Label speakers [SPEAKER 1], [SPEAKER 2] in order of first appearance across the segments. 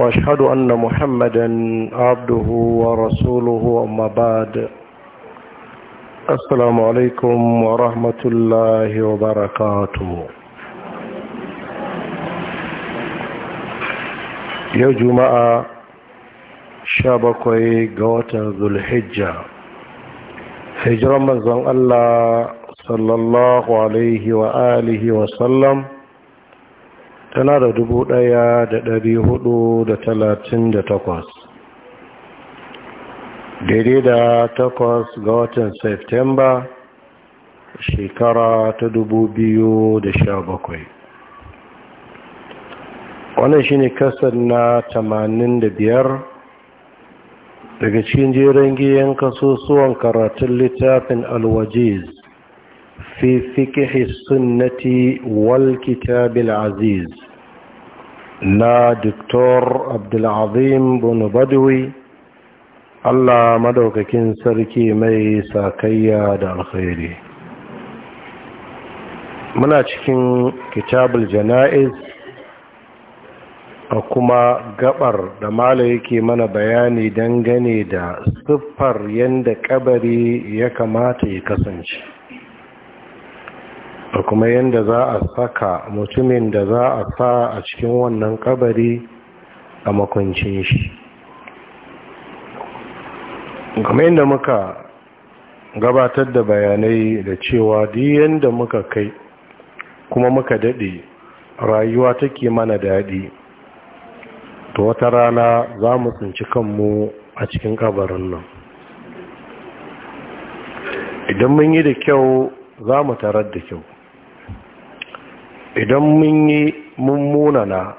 [SPEAKER 1] واشهد ان محمدا عبده ورسوله اما بعد السلام عليكم ورحمه الله وبركاته يا جماعه شابكوي قوات ذو الحجه هجر من الله صلى الله عليه واله وسلم tana da dubu ɗaya da ɗari hudu da talatin da takwas daidai da takwas ga watan septemba shekara ta dubu biyu da sha bakwai wannan shi ne kasar na tamanin da biyar daga cikin jerin giyan kasusuwan karatun littafin alwajiz fi fikihi sunnati wal kitabil aziz na diktor Abdulazim bin Badawi Allah madaukakin sarki mai sakayya da alkhairi muna cikin kitabul jana'iz a kuma gabar da mala yake mana bayani dangane da siffar yadda kabari ya kamata ya kasance da kuma yadda za a saka mutumin da za a sa a cikin wannan kabari a makwancin shi kuma yadda muka gabatar da bayanai da cewa diyan da muka kai kuma muka daɗe rayuwa take mana daɗi to wata rana za mu tsinci kanmu a cikin kabarin nan idan mun yi da kyau za mu tarar da kyau idan mun yi mummunana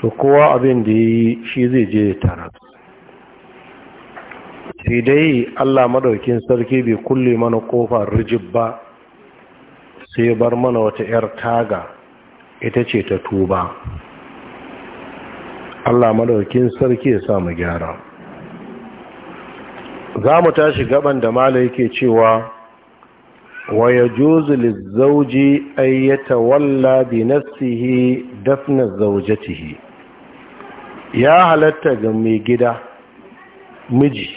[SPEAKER 1] to kowa abin da ya yi shi zai je tara sai dai allah madaukin sarki bai kulle mana kofar rijib ba sai bar mana wata 'yar taga ita ce ta tuba allah madaukin sarki ya samu gyara za mu tashi gaban da malai ke cewa ويجوز للزوج أن يتولى بنفسه دفن زوجته ya halatta ga mai gida miji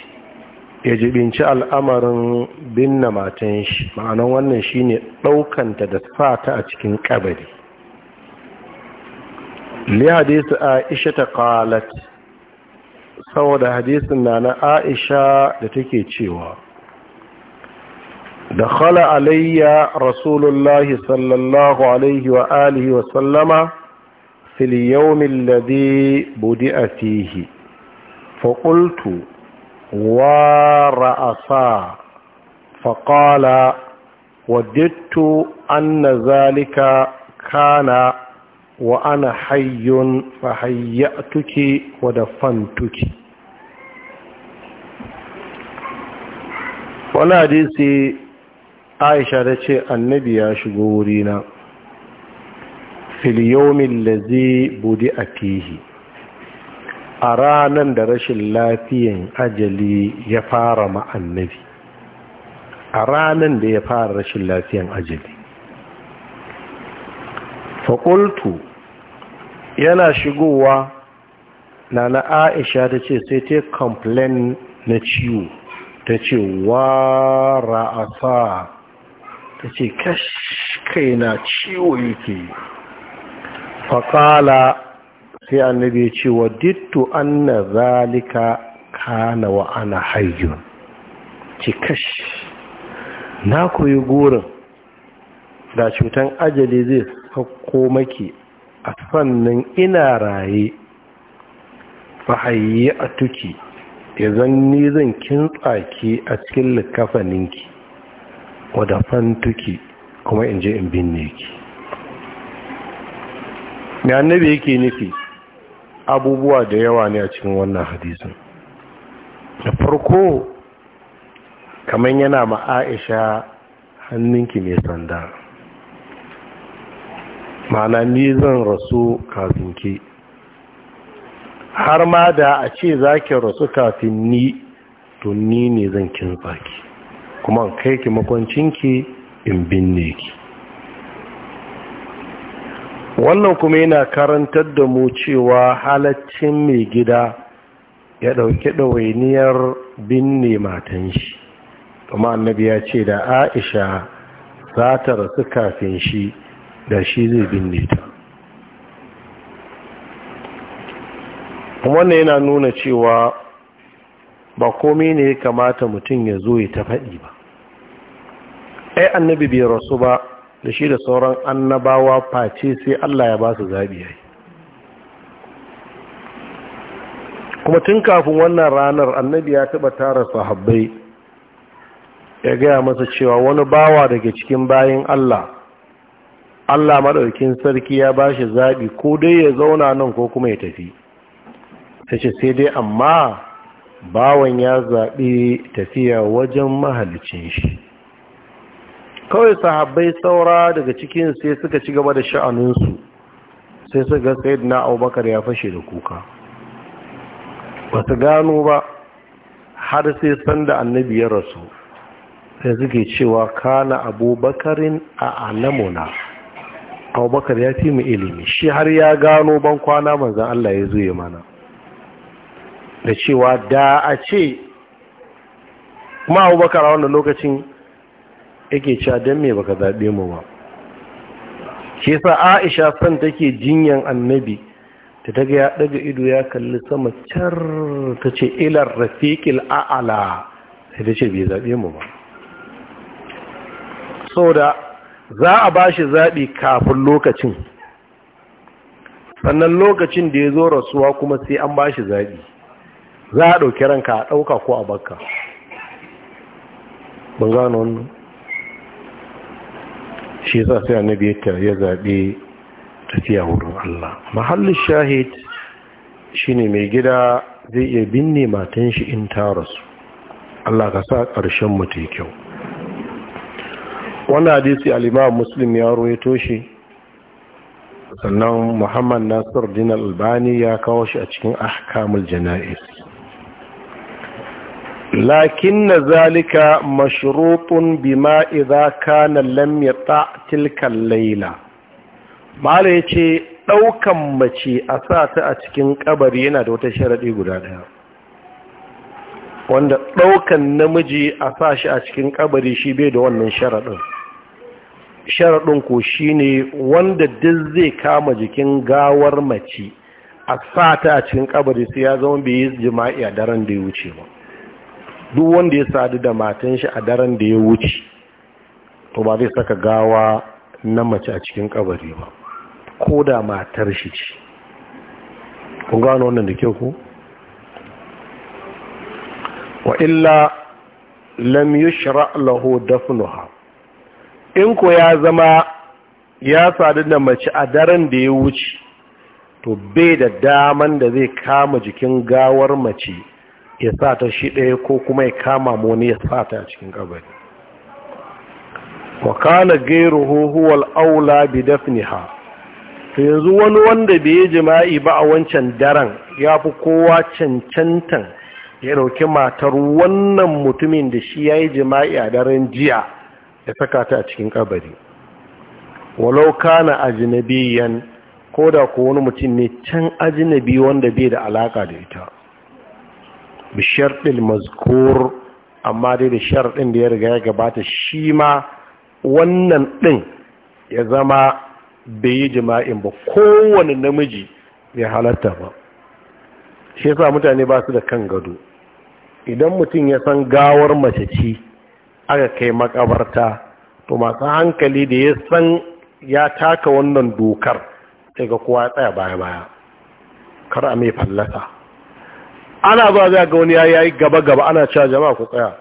[SPEAKER 1] ya jibinci al'amarin binne matan shi ma'anan wannan shine ɗaukanta da sata a cikin ƙabari. li hadisu aisha ta qalat saboda hadisin na na aisha da take cewa دخل علي رسول الله صلى الله عليه وآله وسلم في اليوم الذي بدأ فيه فقلت ورأسا فقال وددت أن ذلك كان وأنا حي فحيأتك ودفنتك ولا ديسي aisha ta ce annabi ya shigo wurina filiyomin da zai budi a fihi a ranar da rashin lafiyan ajali ya fara ma'annabi a ranar da ya fara rashin lafiyan ajali faƙultu yana shigowa na na aisha ta ce sai ta complain na ciwo ta ce wa ra'asa ta ce kai na ciwo yake yi faƙala sai annabi ya ce wa dittu na zalika kana wa ana hayyun ce kash na koyi gurin da cutan ajali zai sauko maki a sannan ina raye fahayye a tuki ya ni zan kintsa ki a cikin likafaninki fantuki kuma in je in binne ki mai annabi yake nufi abubuwa da yawa ne a cikin wannan hadisin da farko kamar yana ma'aisha hannunki mai sanda ma'ana ni zan rasu kafin ki har ma da a ce za ki rasu kafin ni to ni ne zan kinsa ki kuma kai ki makoncinki in binne ki wannan kuma yana karantar da mu cewa halaccin mai gida ya ɗauki ɗawainiyar binne matan shi kuma annabi ya ce da aisha za ta rasu kafin shi da shi zai binne ta wannan yana nuna cewa ba komai ne ya kamata mutum ya zo ya ta faɗi ba ai annabi bai rasu ba da shi da sauran annabawa face sai Allah ya ba su zaɓi yayi kuma tun kafin wannan ranar annabi ya taɓa tara sahabbai ya gaya masa cewa wani bawa daga cikin bayan Allah Allah maɗaukin sarki ya ba shi zaɓi ko dai ya zauna nan ko kuma ya tafi ta sai dai amma bawan ya zaɓi tafiya wajen mahalicin shi kawai sahabbai saura daga cikin sai suka ci gaba da sha'aninsu sai su ga sai na abubakar ya fashe da kuka ba su gano ba har sai sanda annabi ya rasu sai suke cewa kana abubakarin a alamuna abubakar ya fi mu ilimi shi har ya gano ban kwana manzan Allah ya zuye mana da cewa da a ce kuma abubakar a wannan lokacin yake cewa dan me baka zabe mu ba ke sa aisha san take jinyan annabi ta daga ya daga ido ya kalli sama car ta ce ilar rafiƙil a'ala sai ta ce bai zaɓe mu ba so da za a ba shi zaɓi kafin lokacin sannan lokacin da ya zo rasuwa kuma sai an bashi shi zaɓi za a ɗauki ranka a ɗauka ko a bakka ban gano wannan shi yasa sai annabi ya zaɓe tafiya wurin Allah mahallin shahid shi ne mai gida zai iya binne matan shi in ta rasu Allah ka sa ƙarshen mu ta kyau wannan hadisi alima imam Muslim ya rawaito shi sannan Muhammad Nasir Dinar Albani ya kawo shi a cikin Ahkamul Janaiz lakin zalika مشروط بما إذا كان لم يطع تلك layla ما yace أو mace a sa ta a cikin kabari yana da wanda daukan namiji a sa a cikin kabari shi bai da wannan sharaɗin, sharadin ko shine wanda duk zai kama jikin gawar mace a sa a cikin kabari sai ya zama bai yi jima'i a daren da ya wuce ba duk wanda ya sadu da matan shi a daren da ya wuce to ba zai saka gawa na mace a cikin kabari ba ko da matar shi ce kun gano wannan da kyau ko wa illa lam yushra lahu dafnuha in ko ya zama ya sadu da mace a daren da ya wuce to bai da daman da zai kama jikin gawar mace ya sa ta shi ɗaya ko kuma ya kama moni ya sa ta cikin kabari wakala gairu huwal aula bi dafniha to yanzu wani wanda bai yi jima'i ba a wancan daren ya fi kowa cancantan ya ɗauki matar wannan mutumin da shi ya yi jima'i a daren jiya ya saka ta a cikin kabari walau kana ajinabiyan ko da ko wani mutum ne can ajinabi wanda bai da alaƙa da ita bisharɗin sharɗin mazkur amma dai da sharɗin da ya riga ya gabata shi ma wannan ɗin ya zama bai yi jima'in ba kowane namiji ya halatta ba shi yasa mutane ba su da kan gado idan mutum ya san gawar mace ci, aka kai makabarta to masu hankali da ya san ya taka wannan dokar sai kowa ya tsaya baya-baya kar a mai fallasa ana ba za ga wani ya yi gaba gaba ana cewa jama'a ku tsaya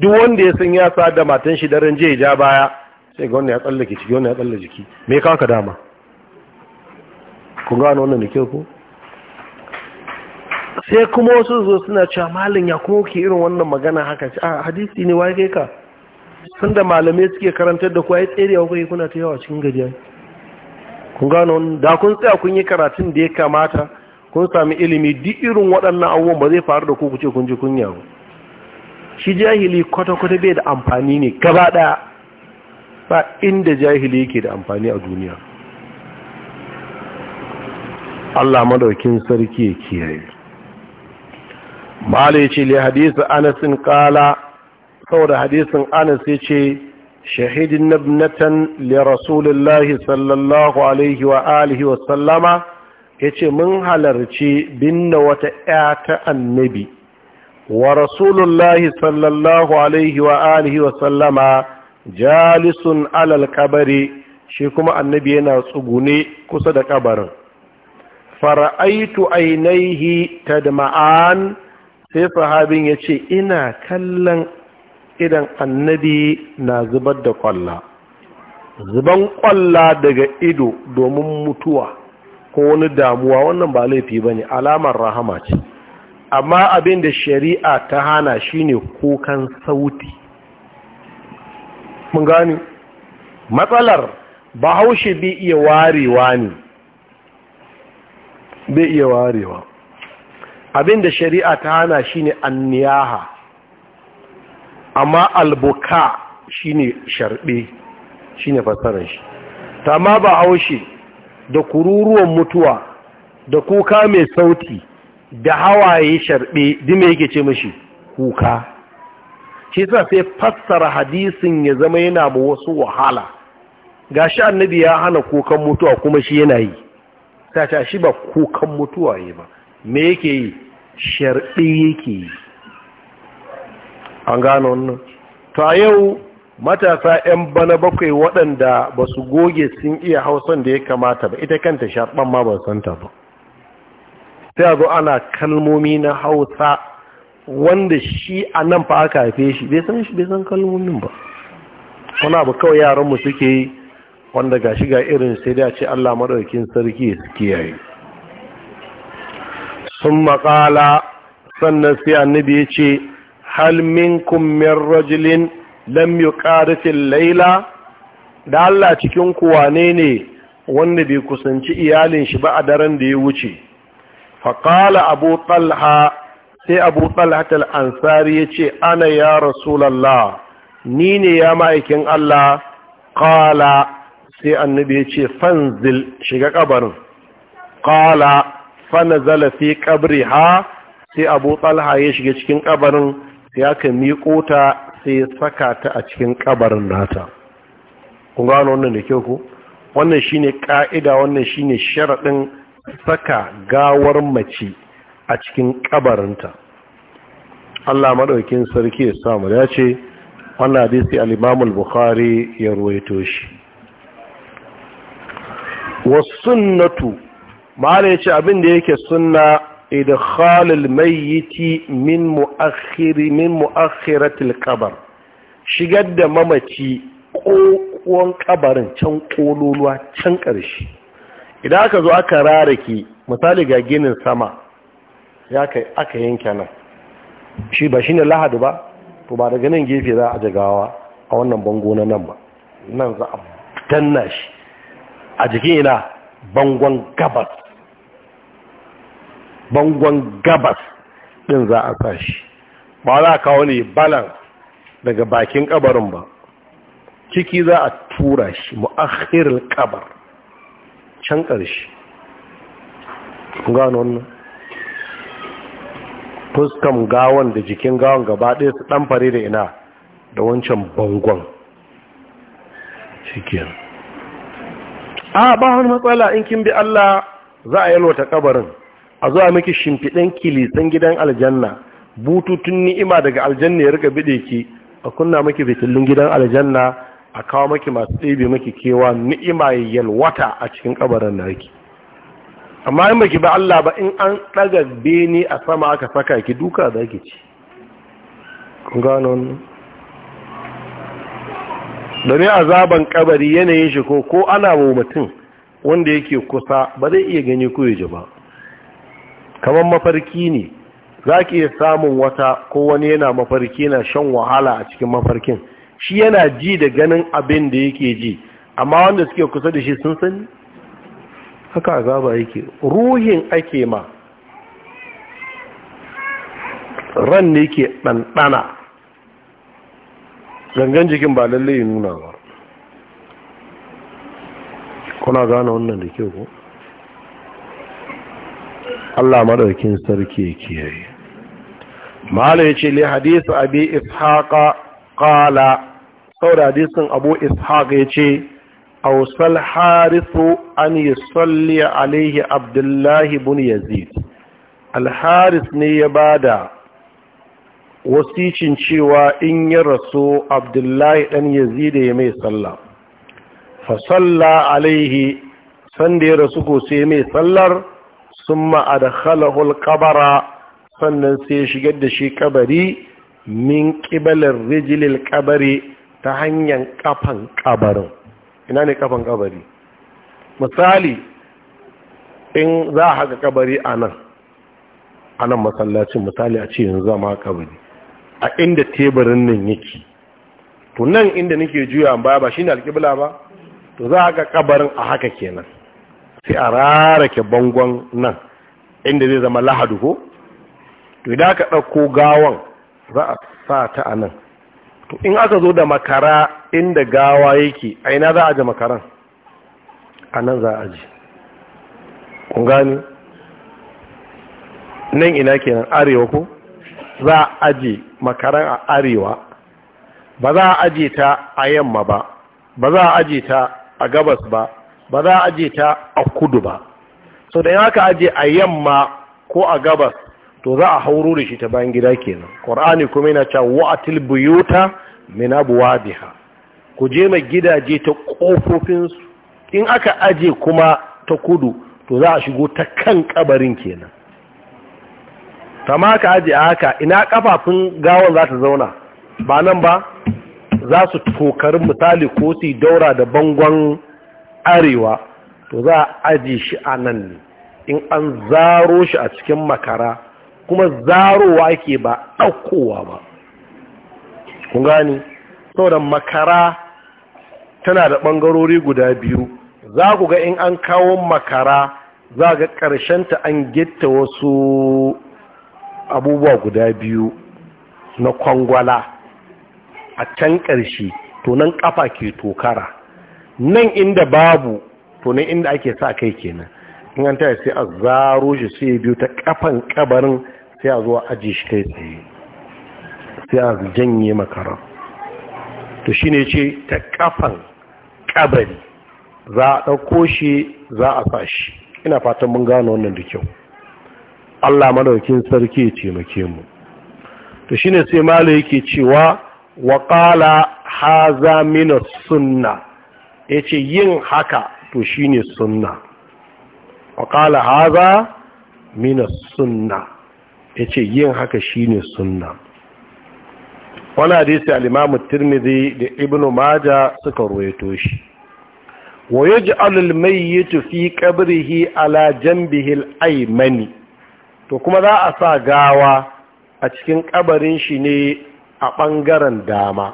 [SPEAKER 1] duk wanda ya san ya sa da matan shi daren je ja baya sai ga wanda ya tsallake ciki wanda ya tsallake jiki me ka ka dama kun gano wannan da ku ko sai kuma wasu zo suna cewa malin ya kuma ke irin wannan magana haka ce a hadisi ne waye kai ka sun da malamai suke karantar da kuwa ya tsere ya kai kuna ta yawa cikin gari kun gano da kun tsaya kun yi karatun da ya kamata kun sami ilimi duk irin waɗannan abubuwan ba zai faru da ku kuce kun ji kunya ba shi jahili kwata-kwata bai da amfani ne gaba ɗaya ba inda jahili yake da amfani a duniya Allah madaukin sarki ya kiyaye malai ce li hadisi anasin kala saboda hadisin anas ya ce shahidin nabnatan li rasulullahi sallallahu alaihi wa alihi wa sallama ya ce mun halarci binne wata ‘ya ta annabi wa rasulullahi sallallahu alaihi wa alihi wa sallama jalisun alal kabari shi kuma annabi yana tsugune kusa da kabarin fara'aitu ainihi ta ma'an sai sahabin ya ce ina kallon idan annabi na zubar da kwalla zuban kwalla daga ido domin mutuwa ko wani damuwa wannan ba laifi ba ne alamar rahama ce amma abin da shari'a ta hana shine kukan sauti mun gani matsalar bahaushe bai iya warewa ne bai iya warewa abin da shari'a ta hana shine anniyaha amma albuka shine shi shine fasarar shi ta ma bahaushe da kururuwan mutuwa da kuka mai sauti da hawaye sharbe dime yake ce mashi kuka shi sa sai fassara hadisin ya zama yana ba wasu wahala gashi annabi ya hana kukan mutuwa kuma shi yana yi ta shi ba kukan mutuwa yi ba me yake yi sharbe yake yi an gano wannan ta yau matasa 'yan bana bakwai waɗanda ba su goge sun iya hausan da ya kamata ba ita kanta sharɓan ma ba santa ba sai zo ana kalmomi na hausa wanda shi a nan fa aka haife shi bai san shi kalmomin ba wani abu kawai yaranmu suke yi wanda ga shiga irin sai da ce allah maɗaukin sarki suke yayi sun maƙala sannan sai annabi ya ce halmin minkum rajulin lam yuqarifil laila da Allah cikin ku wane ne wanda bai kusanci iyalin shi ba a daren da ya wuce qala abu talha sai abu talha al ansari yace ana ya rasulullah ni ne ya ma'aikin Allah qala sai annabi yace fanzil shiga kabarin qala fanazala fi qabriha sai abu talha ya shiga cikin kabarin sai aka miƙo ta sai ya saka ta a cikin kabarin nata kun gano wannan da kyau ku wannan shine ka'ida wannan shine sharaɗin saka gawar mace a cikin ƙabarinta Allah maɗaukin sarki ya samu ya ce wannan hadisi al-Imam bukhari ya ruwaito shi was sunnatu ya yace abin da yake sunna idkhal al-mayyit min mu'akhir min mu'akhirat al-qabr shigar da mamaci kokon kabarin can kololuwa can karshe idan aka zo aka rarake misali ga ginin sama ya kai aka yanke nan shi ba shine lahadi ba to ba daga nan gefe za a jagawa a wannan bango na nan ba nan za a danna shi a jikin ina bangon gabas bangon gabas din za a tashi ba za a kawo ne balan daga bakin kabarin ba ciki za a tura shi mu'akhirin kabar can ƙarshe gano wannan fuskan gawon da jikin gawon gaba ɗaya su ɗanfare fare da ina da wancan bangon cikin a ba wani matsala in kin bi Allah za a yalwata kabarin a zuwa miki shimfiɗan kilisan gidan aljanna bututun ni'ima daga aljanna ya rika bide ki a kunna miki fitilun gidan aljanna a kawo miki masu ɗebe miki kewa ni'ima ya yalwata a cikin kabarin naki amma in baki ba Allah ba in an ɗaga bene a sama aka saka ki duka za ki ci kun gano wannan domin azaban kabari yanayin shi ko ko ana wa mutum wanda yake kusa ba zai iya gani ko ya ji ba kamar mafarki ne za ki iya samun wata ko wani yana mafarki na shan wahala a cikin mafarkin shi yana ji da ganin abin da yake ji amma wanda suke kusa da shi sun sani haka azaba yake ruhin ake ma ran ne ke ɗanɗana gangan jikin ba lallai nuna ba kuna gane wannan da kyau ko Allah madaukin sarki kiyaye mala yace li hadisi abi ishaqa qala saboda hadisin abu ishaq yace awsal harisu an yusalli alaihi abdullahi ibn yazid Alharis ne ya ba bada wasicin cewa in ya rasu abdullahi dan yazid ya mai sallah fa salla alaihi sanda ya rasu ko sai mai sallar sun ma'adakhalahul kabara sannan sai shigar da shi kabari min ƙibalin rijilil kabari ta hanyar kafan kabarin ina ne kafan kabari misali in za a haka kabari a nan a masallacin misali a ce yanzu zama kabari a inda teburin nan yake to nan inda nake juya baya ba shine alƙibla ba to za a ga kabarin a haka kenan sai a rarake bangon nan inda zai zama lahadu ko to idan aka ɗauko gawan za a sa ta a nan to in aka zo da makara inda gawa yake a ina za a ji makaran a nan za a ji kun gani nan ina kenan arewa ko za a aje makaran a arewa ba za a aje ta a yamma ba ba za a aje ta a gabas ba ba za a aje ta a kudu ba so da aka aje a yamma ko a gabas to za a hauro da shi ta bayan gida kenan qur'ani kuma yana cewa wa'atil buyuta min abwabiha ku je mai gidaje ta kofofin su in aka aje kuma ta kudu to za a shigo ta kan kabarin kenan ma ka aje a haka ina kafafun gawon za ta zauna ba nan ba za su tokarin misali ko su daura da bangon arewa to za a aji shi a nan ne in an zaro shi a cikin makara kuma zarowa ke ba ɗaukowa ba kun gani saboda makara tana da ɓangarori guda biyu za ku ga in an kawo makara za ga ƙarshen ta an getta wasu abubuwa guda biyu na kwangwala a can ƙarshe to ƙafa ke tokara nan inda babu to nan inda ake sa kai kenan in an taya sai a zaro shi sai biyu ta kafan kabarin sai a zo a aji shi kai tsaye sai a janye makara to shine ce ta kafan kabari za a ɗauko shi za a sa shi ina fatan mun gano wannan da kyau Allah madaukin sarki ya taimake mu to shine sai malai yake cewa wa qala haza min sunna ya ce yin haka to shi ne sunna waƙala haza mina sunna ya ce yin haka shi ne sunna wani hadisi alimamu tirmidhi da ibnu maja suka ruwaito shi wa yaji yi tufi kabrihi ala jambihil aimani to kuma za a sa gawa a cikin kabarin shi ne a ɓangaren dama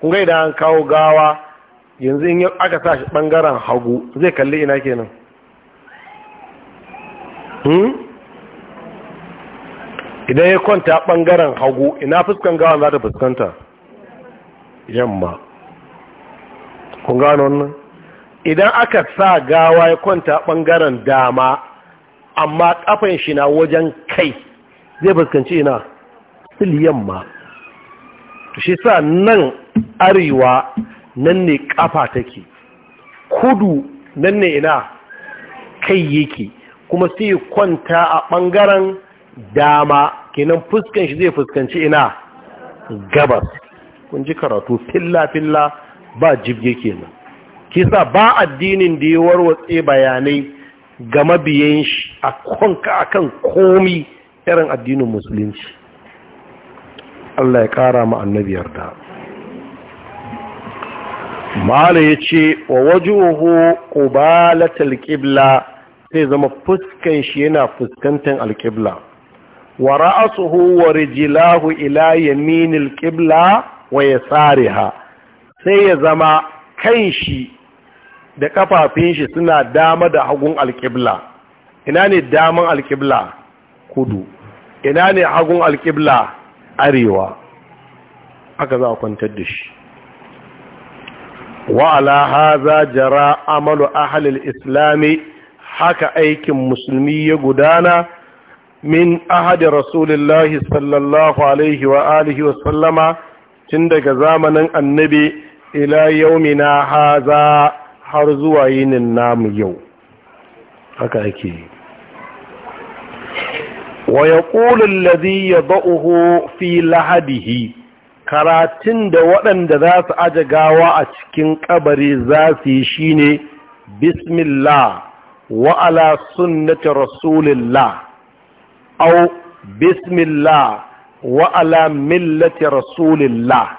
[SPEAKER 1] kunga idan an kawo gawa yanzu in aka sa shi ɓangaren hagu zai kalli ina kenan hmm? idan ya kwanta ɓangaren hagu ina fuskan gawan za ta fuskanta yamma kun gano wannan idan aka sa gawa ya kwanta ɓangaren dama amma kafin shi na wajen kai zai fuskanci ina sil yamma shi sa nan arewa nan ne kafa take kudu nan ne ina kai yake kuma sai kwanta a ɓangaren dama kenan fuskan shi zai fuskanci ina gabas kun ji karatu filla-filla ba jibge kenan kisa ba addinin da ya warwatse bayanai ga mabiyan shi a kwanka akan komi irin addinin musulunci Allah ya ƙara ma annabi da mala ya ce wa waje oho qubalatal ƙibla sai zama fuskan shi yana fuskantar alƙibla wa ra'asuhu wa rijilahu ila yaminil ƙibla wa ya tsari ha sai ya zama kan shi da ƙafafin shi suna dama da hagun alƙibla ina ne daman alƙibla kudu ina ne hagun alƙibla arewa aka za a kwantar da shi wa'ala haza jara amalu ahalil islami haka aikin musulmi ya gudana min ahadi rasulillahi sallallahu alaihi wa wa sallama tun daga zamanin annabi ila yaumina haza har zuwa yinin namu yau Waya ake yi wa ya ƙulun lazi lahadihi karatun da waɗanda za su aje gawa a cikin kabari za su yi shi ne bismillah wa'ala sunnati rasulillah au bismillah wa'ala millati rasulillah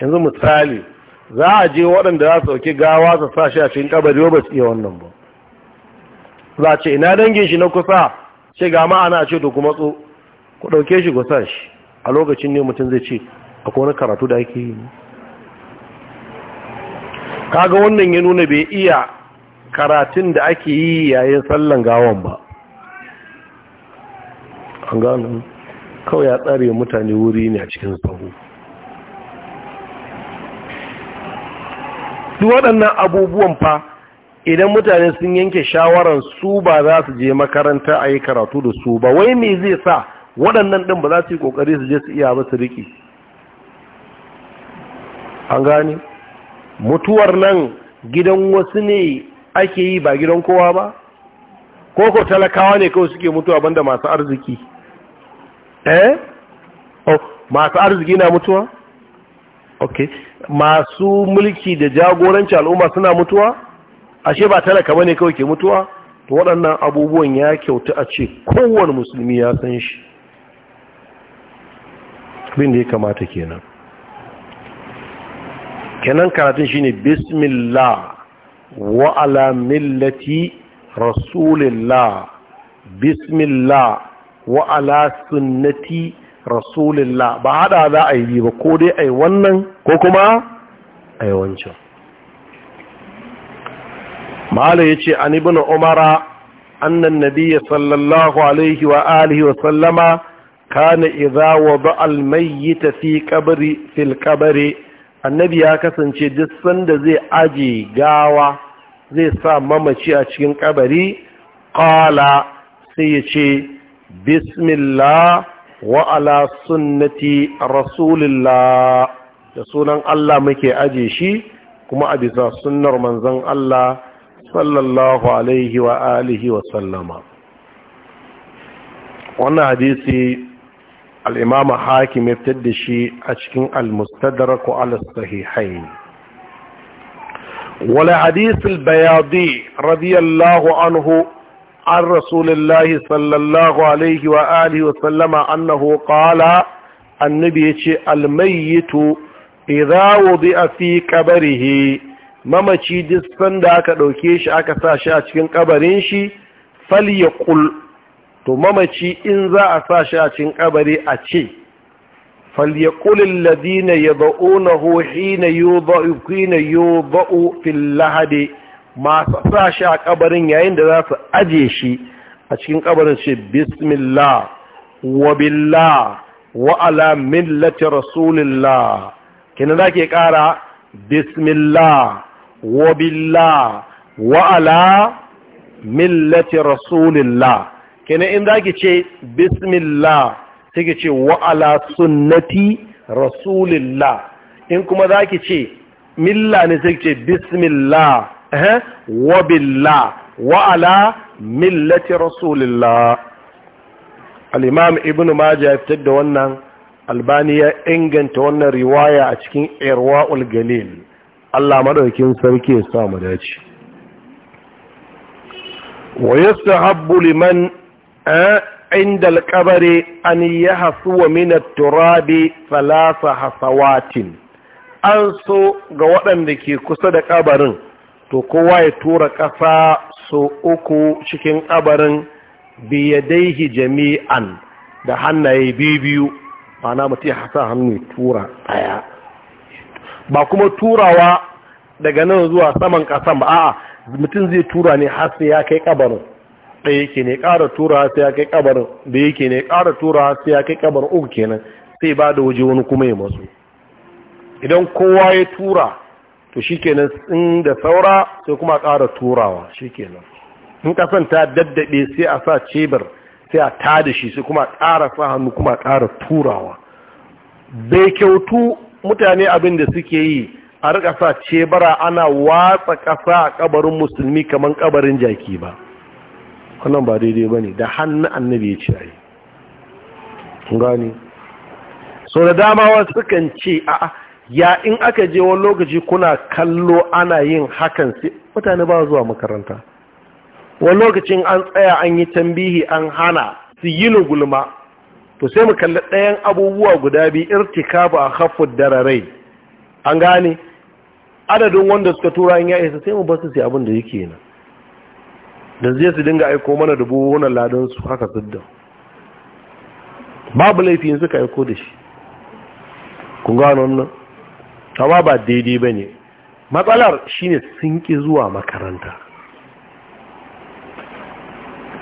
[SPEAKER 1] yanzu misali za a je waɗanda za su ɗauki gawa su sa shi a cikin kabari ba su iya wannan ba za ce ina dangin shi na kusa ce ga ma'ana ce to kuma tso ku ɗauke shi ku sa shi a lokacin ne mutum zai ce akwai wani karatu da ake yi kaga wannan ya nuna bai iya karatun da ake yi yayin sallan gawan ba an gano kawai ya tsare mutane wuri ne a cikin sahu Su waɗannan abubuwan fa idan mutane sun yanke shawarar su ba za su je makaranta a yi karatu da su ba wai me zai sa waɗannan ɗin ba za su yi ƙoƙari su je su iya ba su riƙe an gane mutuwar nan gidan wasu ne ake yi ba gidan kowa ba koko talakawa ne kawai suke mutuwa banda masu arziki eh oh masu arziki na mutuwa okay masu mulki da jagoranci al'umma suna mutuwa ashe ba talaka bane kawai ke mutuwa to waɗannan abubuwan ya kyautu a ce kowane musulmi ya san shi bin da ya kamata kenan kenan karatun shine bismillah wa ala millati rasulillah bismillah wa ala sunnati rasulillah ba hada za a yi ba ko dai a yi wannan ko kuma a yi wancan mala yace an ibn umara annan nabiyyi sallallahu alaihi wa alihi wa sallama kana idza wada al mayyit fi qabri fil qabri annabi ya kasance duk sanda zai aje gawa zai sa mamaci a cikin kabari kala sai ya ce bismillah wa ala sunnati rasulillah da sunan Allah muke aje shi kuma a bisa sunnar manzon Allah sallallahu alaihi wa alihi wa sallama wannan hadisi al'imama hakim ya fitar da shi a cikin al-mustadara ko al-sahihai wala hadisul bayadi radiyallahu anhu an rasulullahi sallallahu alaihi wa alihi wa sallama annahu qala annabi yace almayyitu idza wudi'a fi qabrihi mamaci duk sanda aka ɗauke shi aka sa shi a cikin kabarin shi fal ya falyaqul to mamaci in za a sa shi a cikin kabari a ce falyakulin ladina ya ba'o na hohi na yi ba'o fil lahade masu sa shi a kabarin yayin da za su aje shi a cikin kabarin ce bismillah wa billah wa ala millati rasulillah kina za ke kara bismillah wa billah wa ala millati rasulillah Kene in ki ce bismillah sai ki ce wa ala sunnati rasulillah in kuma zaki ce milla ne sai ki ce bismillah eh wa billah wa ala millati rasulillah al-imam ibnu majah ya fitar da wannan albani ya inganta wannan riwaya a cikin irwaul galil Allah madaukin sarki ya sa mu dace wa yastahabbu liman inda alƙabari an yi hasuwa minar turabi salasa hasawatin an so ga waɗanda ke kusa da ƙabarin to kowa ya tura ƙasa so uku cikin ƙabarin biyadaihi jami'an da hannaye biyu mana mutu ya hasa hannu ya tura ɗaya ba kuma turawa daga nan zuwa saman ƙasan ba a'a mutum zai tura ne har ya kai ƙabarin da yake ne ƙara tura sai ya kai da yake ne ƙara tura sai ya kai kabarin uku kenan sai ba da waje wani kuma ya masu idan kowa ya tura to shi kenan in da saura sai kuma ƙara turawa shi kenan in kasan ta daddaɓe sai a sa cebar sai a ta da shi sai kuma ƙara sa hannu kuma ƙara turawa bai kyautu mutane abin da suke yi a rika sa cebara ana watsa ƙasa a ƙabarin musulmi kamar ƙabarin jaki ba wannan ba daidai ba ne da hannu annabi ya ce a yi gani so da dama wasu sukan ce a ya in aka je wani lokaci kuna kallo ana yin hakan sai mutane ba zuwa makaranta wani lokacin an tsaya an yi tambihi an hana su yi gulma to sai mu kalli ɗayan abubuwa guda biyu irtika ba a hafud dararai an gane adadin wanda suka tura in ya isa sai mu basu sai abin da yake nan da zai su dinga aiko mana da buhunan ladan su haka sidda babu laifin suka aiko da shi kun gano wannan kama ba daidai ba ne matsalar shine sun ki zuwa makaranta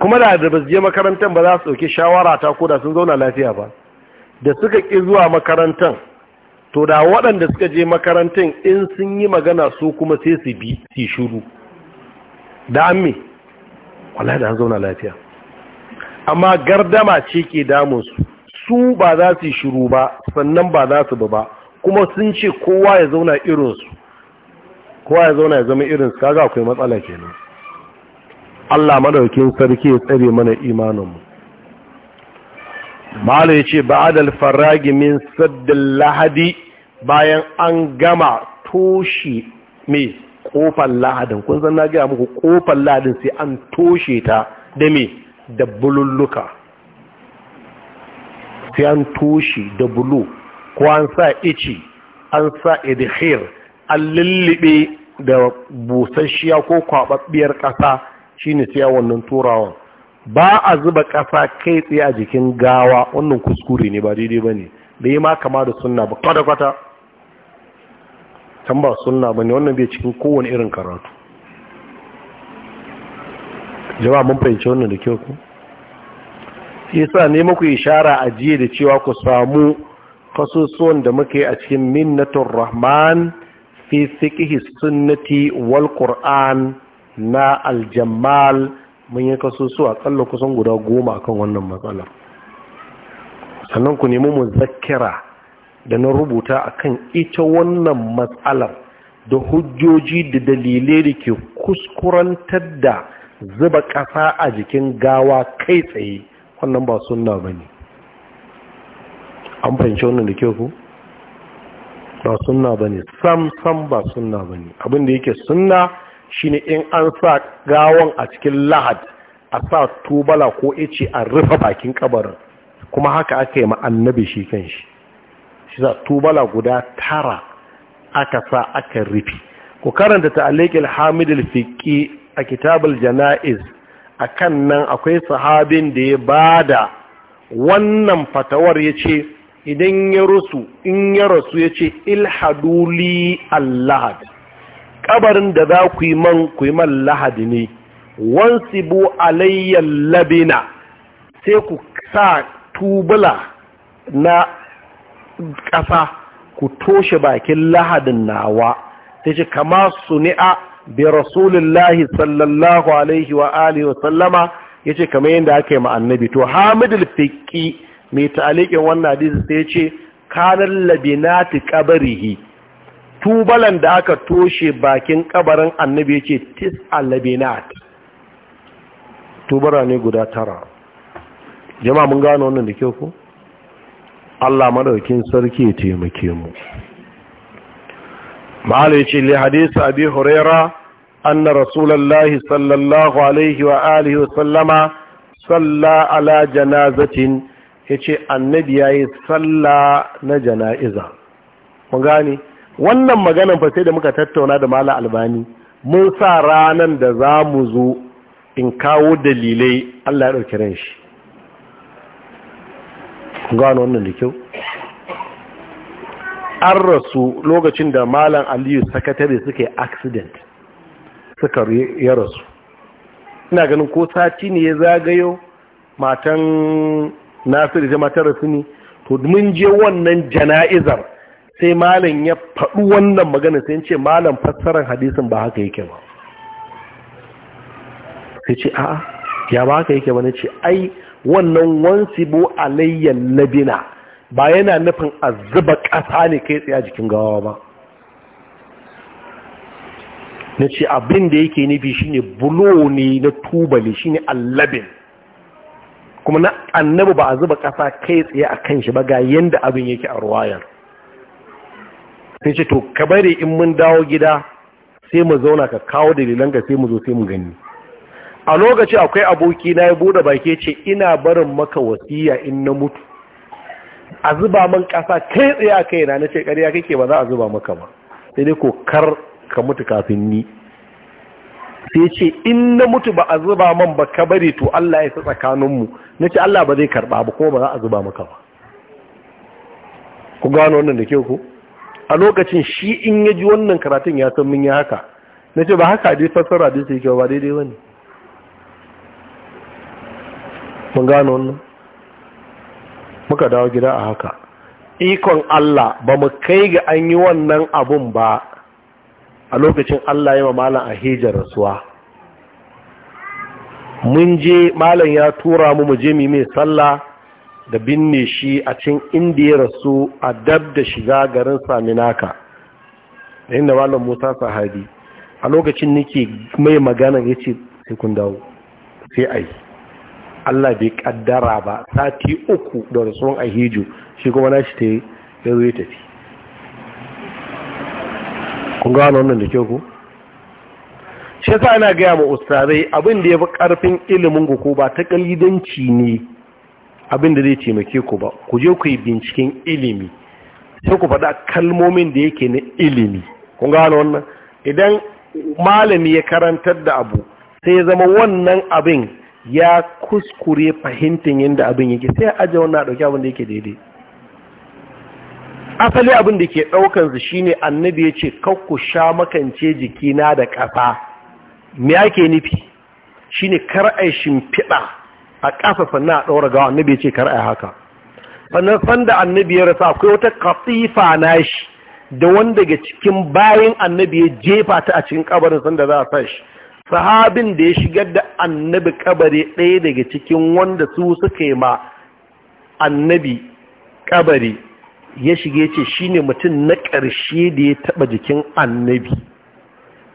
[SPEAKER 1] kuma da da ba je makarantar ba za su ɗauki shawara ta ko da sun zauna lafiya ba da suka ki zuwa makarantar to da waɗanda suka je makarantar in sun yi magana su kuma sai su bi su shuru da an wallahi da an zauna lafiya amma gardama ce ke damun su ba za su yi shiru ba sannan ba za su ba ba kuma sun ce kowa ya zauna irinsu kowa ya zauna ya zama irinsu kaga akwai matsala kenan Allah madaukin sarki ya tsare mana imaninmu Malu ya ce ba'adal faragi min saddin lahadi bayan an gama toshe mai kofar lahadin kun san na gaya muku kofar lahadin sai an toshe ta da me da bululluka sai an toshe da bulu ko an sa ici an sa idhir an lullube da busasshiya ko kwababbiyar ƙasa shine sai wannan turawan ba a zuba ƙasa kai tsaye a jikin gawa wannan kuskure ne ba daidai bane bai ma kama da sunna ba kwata-kwata can ba sunna bane wannan bai cikin kowane irin karatu jama'a mun fahimci wannan da kyau ku sa ne muku ishara a jiya da cewa ku samu kasusuwan da muka yi a cikin minnatun rahman fi fiqhi sunnati wal na aljamal mun yi kasusuwa kallon kusan guda goma akan wannan matsalar sannan ku nemi muzakkira da na rubuta akan ita wannan matsalar da hujjoji da dalilai da ke kuskurantar da zuba ƙasa a jikin gawa kai tsaye wannan ba sunna ba ne an fahimci wannan da kyau ku ba sunna ba ne sam sam ba sunna ba ne abinda yake sunna shine in an sa gawon a cikin lahad a sa tubala ko ice a rufe bakin kabarin kuma haka aka yi ma shi kan shi shi za tubala guda tara aka sa aka rufe ku karanta ta'alliqil hamidul fiqi a kitabul janaiz akan nan akwai sahabin da ya bada wannan fatawar yace idan ya rusu in ya rasu yace ilhaduli allahad kabarin da za ku yi man ku yi man lahadi ne wansibu alayya labina sai ku sa tubula na ƙasa ku toshe bakin lahadin nawa ta ce kama suni'a bi rasulullahi sallallahu alaihi wa alihi wa sallama ya ce kamar yadda aka yi ma'annabi to hamidul fiƙi mai ta'alikin wannan hadisi sai ce kanar labinati kabarihi tubalan da aka toshe bakin kabarin annabi ya ce tis a alabinat tubara ne guda tara jama'a mun gano wannan da kyau ko Allah maɗaukin sarki ya taimake mu malai li hadisi abi huraira anna rasulullahi sallallahu alaihi wa alihi wa sallama salla ala janazatin yace annabi yayi salla na janaiza mun gane wannan maganan fa sai da muka tattauna da malam albani mun sa ranan da zamu zo in kawo dalilai Allah ya dauki ran shi gano wannan da kyau an rasu lokacin da malam aliyu sakatare suka yi accident suka ya rasu ina ganin ko sati ne ya zagayo matan nasiru ta matar rasu ne to mun je wannan jana'izar sai malam ya faɗu wannan magana sai ce malam fassarar hadisin ba haka yake ba sai ce a'a ya ba haka yake ba na ce ai wannan wansibo alayyan labina ba yana nufin a zuba ƙasa ne kai tsaye a jikin gawa ba na ce abin da yake nufi shine bulo ne na tubali shine allabin kuma na annabi ba a zuba ƙasa kai tsaye a kan shi ba ga yadda abin yake a ruwayar sai ce to ka bari in mun dawo gida sai mu zauna ka kawo dalilan sai mu zo sai mu gani a lokaci akwai aboki na ya bude baki ce ina barin maka wasiya in na mutu a zuba man kasa kai tsaye a kaina na ce ƙarya kake ba za a zuba maka ba sai dai ko kar ka mutu kafin ni sai ce in na mutu ba a zuba man ba ka bari to Allah ya sa tsakaninmu na ce Allah ba zai karɓa ba kuma ba za a zuba maka ba ku gano wannan da ke ku a lokacin shi in ya ji wannan karatun ya san min ya haka na ce ba haka dai fassara dai sai kyau ba daidai wani mun gano wannan muka dawo gida a haka ikon Allah ba mu kai ga an yi wannan abun ba a lokacin Allah ya malam a hijar rasuwa mun je malam ya tura mu muje je mu mai sallah da binne shi a cin inda ya rasu a dab da shiga garin saminaka inda malam musa sahabi a lokacin nake mai magana ya ce sai kun dawo sai a yi Allah bai kaddara ba sati uku da rasuwan ahiju shi kuma shi ta ya zo ya tafi kun gano wannan da kyau ku shi sa ana gaya ma ustazai abin da ya fi karfin ilimin ku ko ba ta kalidanci ne abin da zai taimake ku ba ku je ku yi binciken ilimi sai ku faɗa kalmomin da yake na ilimi kun gano wannan idan malami ya karantar da abu sai ya zama wannan abin ya kuskure fahimtin yadda abin yake sai ajiye wannan dauki abin da yake daidai asali abin da ke su shine annabi ya ce kakku sha makance jikina da ƙasa me ake nufi shine kar'ai shimfiɗa a ƙasa sannan a ɗaura gawa annabi ya ce kar'ai haka sannan sanda annabi ya rasa akwai wata katifa na shi da wanda daga cikin bayan annabi ya jefa ta a cikin kabarin sanda za a sa shi sahabin da ya shigar da annabi kabari ɗaya daga cikin wanda su suka yi ma annabi kabari ya shige ce shi ne mutum na ƙarshe da ya taɓa jikin annabi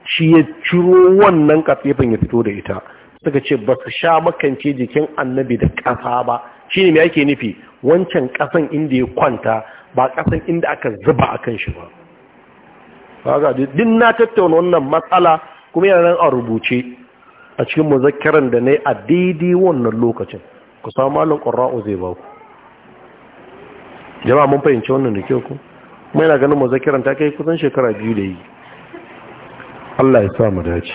[SPEAKER 1] shi ya ciro wannan kafefin ya fito da ita suka ce ba su sha makance jikin annabi da ƙasa ba shi ne ake nufi wancan ƙasan inda ya kwanta ba ƙasan inda aka zuba a kan shi ba duk na tattauna wannan matsala kuma yana nan a rubuce a cikin muzakkiran da ne a daidai wannan lokacin ku samu malin ƙura'u zai ba ku jama'a mun fahimci wannan da kyau ku kuma yana ganin muzakkiran ta kai kusan shekara biyu da yi Allah ya sa mu dace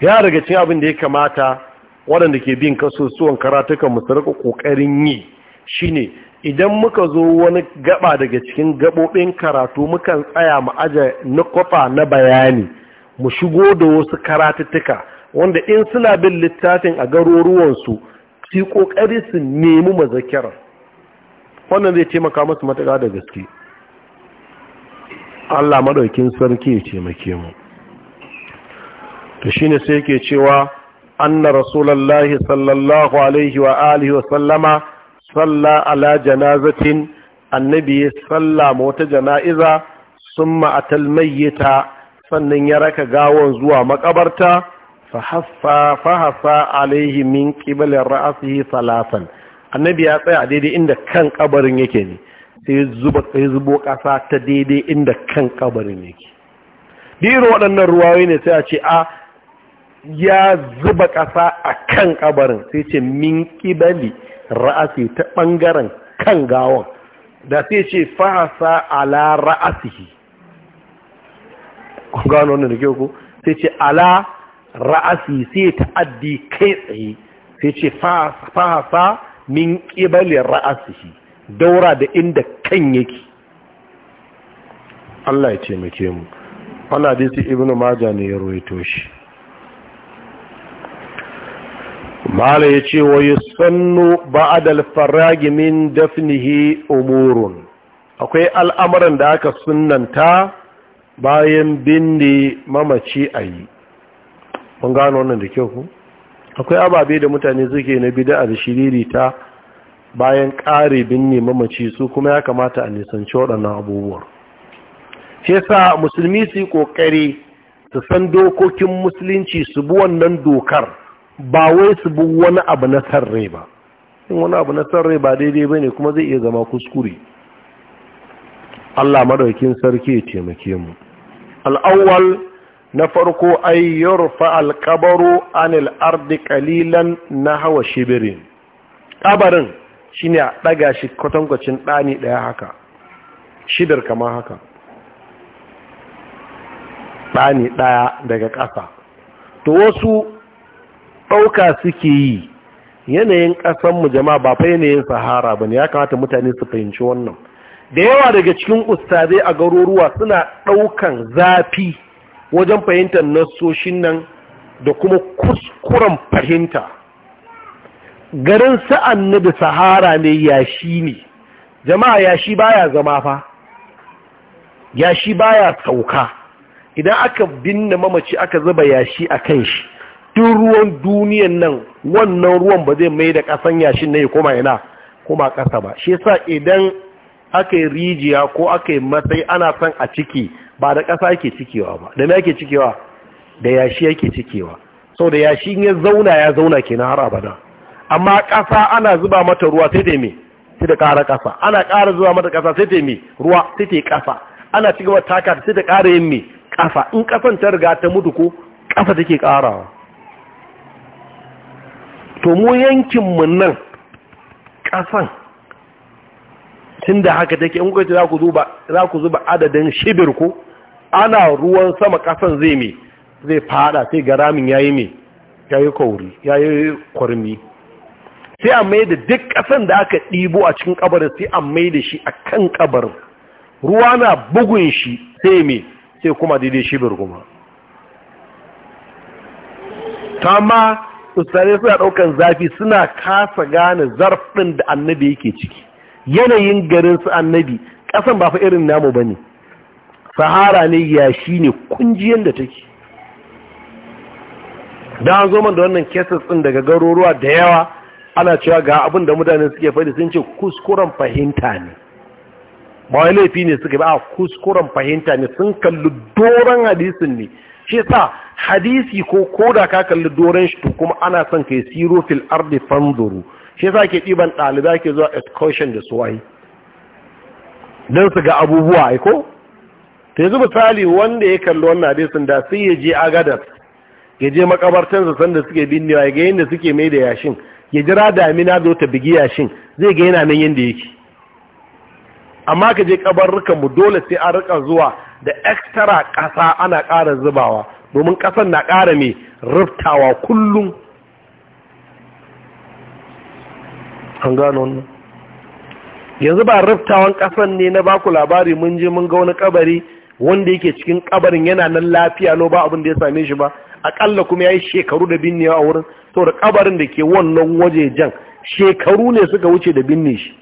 [SPEAKER 1] ya daga cikin abin da ya kamata waɗanda ke bin kasusuwan karatukan mu rika ƙoƙarin yi shine idan muka zo wani gaba daga cikin gaɓoɓin karatu mukan tsaya mu na kwafa na bayani mu shigo da wasu karatuttuka wanda in suna bin littafin a garuruwansu su kokari ƙoƙari su nemi mazakira wannan zai taimaka masu matuƙa da gaske Allah maɗaukin sarki ya taimake mu to shine sai yake cewa anna rasulullahi sallallahu alaihi wa alihi wa sallama salla ala janazatin annabi ya ma wata jana'iza summa atal mayyita sannan ya raka gawon zuwa makabarta fahasa alaihi min ƙibalin ra'asihi salasan annabi ya tsaya a daidai inda kan kabarin yake ne sai zubo ƙasa ta daidai inda kan kabarin yake diro waɗannan ruwayoyi ne sai a ce a ya zuba ƙasa a kan kabarin sai ce min ƙibali ra'asi ta ɓangaren kan gawon da sai ce fahasa ala ra'asihi kun gano wannan da ke ku sai ce ala ra'asi sai ta'addi kai tsaye sai ce fahasa min ƙibali ra'asihi daura da inda kan yake Allah ya ce muke mu wani hadisi ibn maja ne ya ruwaito shi mala ya ce wa yi sannu ba'adal faragi min dafnihi umurun akwai al'amuran da aka sunanta bayan binne mamaci a yi mun gano wannan da kyau ku akwai ababe da mutane suke na bid'a shiriri ta bayan ƙare binne mamaci su kuma ya kamata a nisanci waɗannan abubuwan shi sa musulmi su yi ƙoƙari su san dokokin musulunci su bi wannan dokar ba wai su bi wani abu na sarrai ba in wani abu na sarrai ba daidai ba ne kuma zai iya zama kuskure Allah madaukin sarki ya taimake mu al'awwal na farko ay yurfa al-qabru anil ardi qalilan nahwa shibirin shi shine a ɗaga shi kwatankwacin dani daya haka shidar kamar haka dani ɗaya daga ƙasa to wasu ɗauka suke yi yanayin ƙasanmu jama'a ba fa yanayin sahara ba ne ya kamata mutane su fahimci wannan da yawa daga cikin ustazai a garuruwa suna ɗaukan zafi wajen fahimtar nasoshin nan da kuma kuskuren fahimta garin sa'an na da sahara ne yashi ne jama'a yashi baya zama fa yashi baya sauka idan aka binne mamaci aka zuba yashi a kan shi duk ruwan duniyan nan wannan ruwan ba zai mai da ƙasan yashin na ya koma yana kuma ƙasa ba shi yasa idan aka yi rijiya ko aka yi matsayi ana son a ciki ba da ƙasa yake cikewa ba da me yake cikewa da yashi yake cikewa sau da yashi ya zauna ya zauna na har abada amma ƙasa ana zuba mata ruwa sai ta yi sai da ƙara ƙasa ana ƙara zuba mata ƙasa sai ta mai ruwa sai ta ƙasa ana ci gaba taka sai ta ƙara yin mai ƙasa in ƙasan ta riga ta mutu ko ƙasa take ƙarawa to mu yankin nan ƙasan tun da haka take in kwaita za ku zuba adadin shibir ana ruwan sama kasan zai mai zai fada sai garamin yayi mai yayi kauri yi kwarmi sai a mai da duk kasan da aka ɗibo a cikin kabarin sai a mai da shi a kan kabarin ruwa na bugun shi sai mai sai kuma daidai shibir kuma ma ustare suna ɗaukan zafi suna kasa gane zarfin da annabi yake ciki yanayin garin su annabi ƙasan ba fa irin namu ba ne sahara ne yashi ne kunjiyan da take da an zo man da wannan kesis ɗin daga garuruwa da yawa ana cewa ga abin da mutane suke faɗi sun ce kuskuren fahimta ne ba wai laifi ne suka ba kuskuren fahimta ne sun kalli doron hadisin ne shi sa hadisi ko koda ka kalli doron shi to kuma ana son kai siro fil ardi fanzuru shi yasa ke ɗiban ɗalibai ke zuwa excursion da su waye don su ga abubuwa aiko? ta yanzu misali wanda ya kalli wannan hadisin da sai ya je agadar ya je makabartansa sanda suke binnewa ya ga yadda suke mai da yashin ya jira damina zo ta bigi yashin zai ga yana nan yadda yake amma ka je kabarrukan mu dole sai an rika zuwa da extra ƙasa ana kara zubawa domin ƙasan na ƙara mai rubtawa kullum an gano wannan yanzu ba raftawan kasan ne na baku labari mun je mun ga wani kabari wanda yake cikin kabarin yana nan lafiya no ba abin da ya same shi ba akalla kuma yayi shekaru da binnewa a wurin saboda kabarin da ke wannan waje jan, shekaru ne suka wuce da binne shi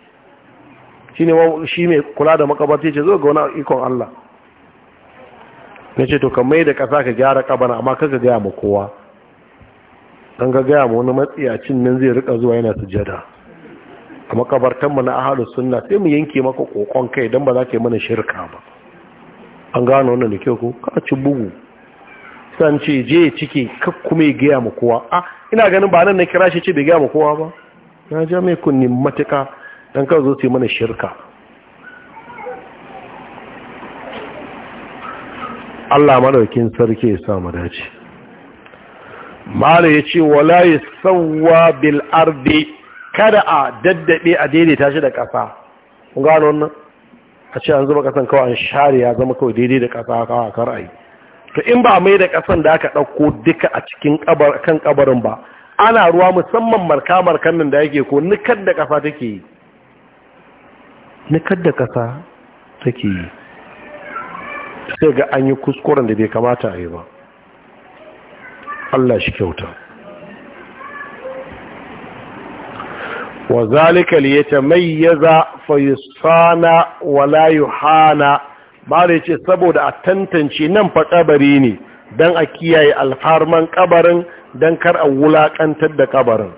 [SPEAKER 1] shine shi mai kula da makabarta ce zo ga wani ikon Allah nace to mai da kasa ka gyara kabarin amma kaga ga ya ma kowa dan ga ga ya ma wani matsiyacin nan zai rika zuwa yana sujada a makabartanmu na ahalus sunna sai mu yanke maka kokon kai don ba za ka yi mana shirka ba an gano wannan da kyau ko ka ci bugu san ce je ciki ka kuma ya gaya mu kowa a ah, ina ganin ba nan na kira shi ce bai gaya mu kowa ba na ja mai kunni matuka don ka zo su yi mana shirka Allah madaukin sarki ya sa mu dace mala ya ce wala yasawwa bil ardi kada a daddaɓe a daidaita shi da ƙasa kun gano wannan a ce an zuba ƙasan kawai an share ya zama kawai daidai da ƙasa kawai kar a to in ba mai da ƙasan da aka ɗauko duka a cikin kan ƙabarin ba ana ruwa musamman marka markan nan da yake ko nikar da ƙasa take yi nikar da ƙasa take yi sai ga an yi kuskuren da bai kamata a yi ba Allah shi kyauta wa zalika li yatamayyaza fa yusana wa saboda a tantance nan fa kabari ne dan a kiyaye alfarman kabarin dan kar a wulakantar da kabarin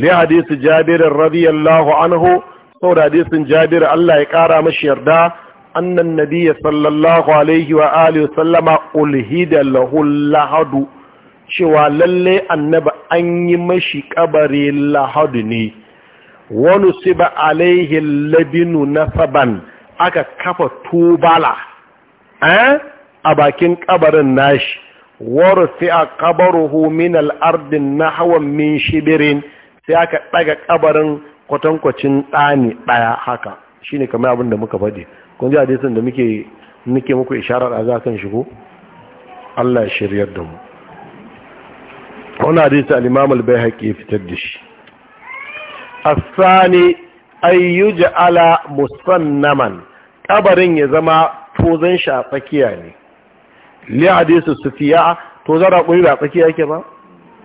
[SPEAKER 1] li hadisi jabir radiyallahu anhu saboda hadisin jabir Allah ya kara mashi yarda annan nabiyya sallallahu alaihi wa alihi sallama ulhida lahu lahadu cewa lalle annabi an yi mashi kabari lahadu ne wani siba alaihin labinu na saban aka kafa tubala eh, a bakin kabarin nashi sai a kabaruhu min al'ardin na hawan min shibirin sai aka ɗaga kabarin kwatankwacin ɗani ɗaya haka shi ne kamar abin da muka faɗi kun ji hadisin da muke nike muku isharar da za a kan shigo Allah ya shiryar da mu wani hadisun al bai al fitar da shi asani ayyuja ala musannaman kabarin ya zama tozon shi a tsakiya ne li su fiya to zara kuri da tsakiya yake ba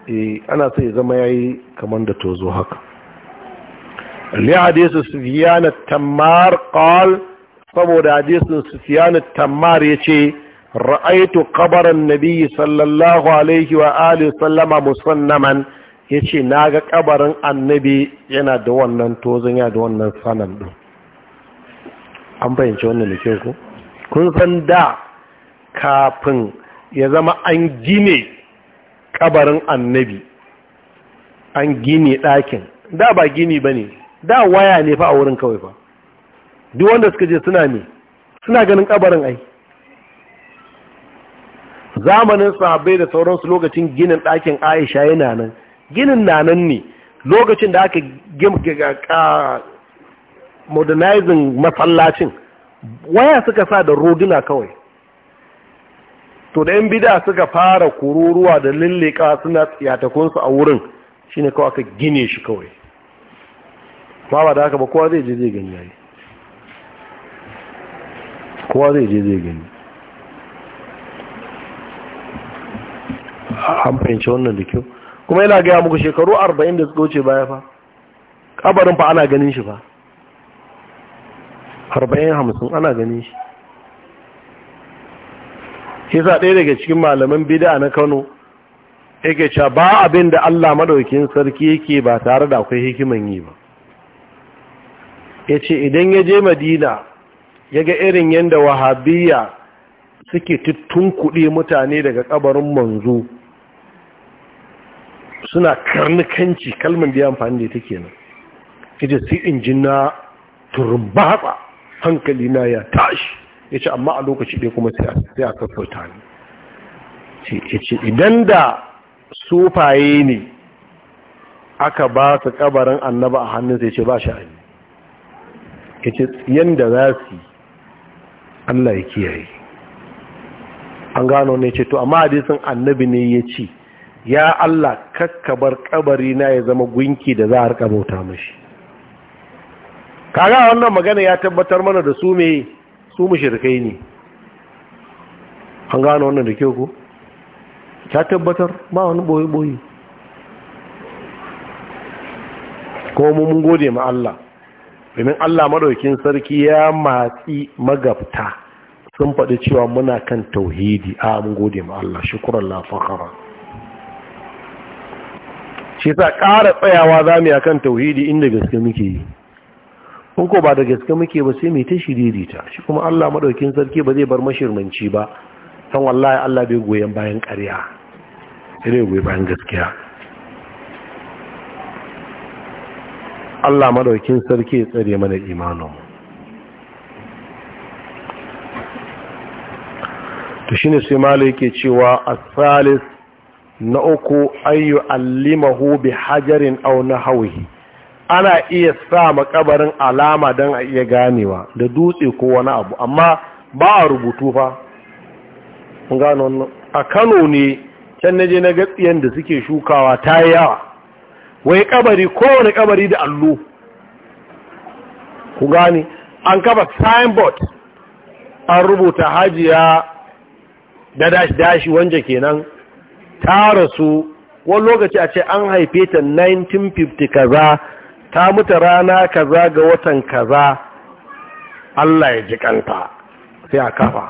[SPEAKER 1] eh ana so ya zama ya yi kaman da tozo haka li su fiya na tammar qal saboda hadisin sufiyan at-tammar ce, ra'aitu qabran nabiyyi sallallahu alaihi wa alihi sallama musannaman ya ce na ga kabarin annabi yana da wannan tozon ya da wannan sanan ɗin an fahimci wannan da ku kun san da kafin ya zama an gine kabarin annabi an gine ɗakin da ba gini ba ne da waya ne fa a wurin kawai fa duk wanda suka je suna ne suna ganin kabarin ai zamanin sahabbai da sauransu lokacin ginin ɗakin aisha yana nan ginin na nan ne lokacin da aka modernizing masallacin waya suka sa da roduna kawai to da 'yan bida suka fara kururuwa da lilleka suna tsiyatakunsu a wurin shi ne kawai aka gine shi kawai ma ba da haka ba kowa zai je zai gani yayi kowa zai je zai gani an fahimci wannan da kyau kuma yana gaya muku shekaru arba'in da suka wuce baya fa kabarin fa ana ganin shi fa arba'in hamsin ana ganin shi shi sa ɗaya daga cikin malaman bida na kano yake cewa ba abin da allah maɗaukin sarki yake ba tare da akwai hikiman yi ba ya ce idan ya je madina ya ga irin yadda wahabiyya suke tuttun kuɗi mutane daga kabarin manzo suna karnukanci kalmar da ya amfani da ita kenan ita sai in ji na turbatsa hankali na ya tashi ya amma a lokaci ɗaya kuma sai a kakkauta ne ya ce idan da sufaye ne aka ba su kabarin annaba a hannun sai ce ba shi ya ce yadda za su Allah ya kiyaye an gano ne ce to amma hadisin annabi ne ya ce ya Allah kakkabar kabari na ya zama gunki da za a harka bauta mashi kaga wannan magana ya tabbatar mana da su mai su mushrikai ne an gano wannan da kyau ko ta tabbatar ba wani boye boye ko mun gode ma Allah domin Allah madaukin sarki ya matsi magabta sun faɗi cewa muna kan tauhidi a mun gode ma Allah shukran la fakhara shi sa ƙara tsayawa za mu kan tauhidi inda gaske muke yi hunko ba da gaske muke ba sai mai ta shiririta shi kuma Allah maɗaukin sarki ba zai bar mashirmanci ba san wallahi Allah bai goyon bayan ƙarya sai dai goyon bayan gaskiya Allah maɗaukin sarki ya tsare mana imanin to shine sai malai yake cewa as-salis na uku an allimahu bi hajarin aw nahwihi ana iya sa makabarin alama dan a iya ganewa da dutse ko wani abu amma ba a rubutu fa gano a Kano ne can naje na gatsiyan da suke shukawa ta yawa wai kabari kowane kabari da allo ku gane an kafa signboard an rubuta hajiya da dashi dashi wanje kenan ta rasu wani lokaci a ce an haife ta 1950 kaza ta mutu rana kaza ga watan kaza Allah ya ji kanta sai a kafa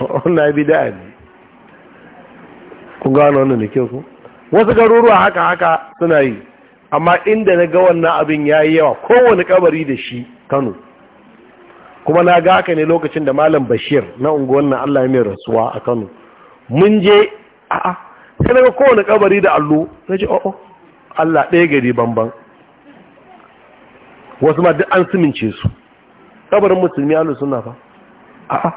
[SPEAKER 1] wannan bida ne Kun gano wannan da kyau ku wasu garuruwa haka haka suna yi amma inda na ga wannan abin ya yi yawa kowane kabari da shi kano kuma na ga haka ne lokacin da malam bashir na unguwan na Allah ya mai rasuwa a kano mun je a'a sai daga kowane kabari da allo na ce o'o oh, oh, Allah ɗaya gari banban wasu ma duk an sumince su kabarin musulmi allo suna ba a'a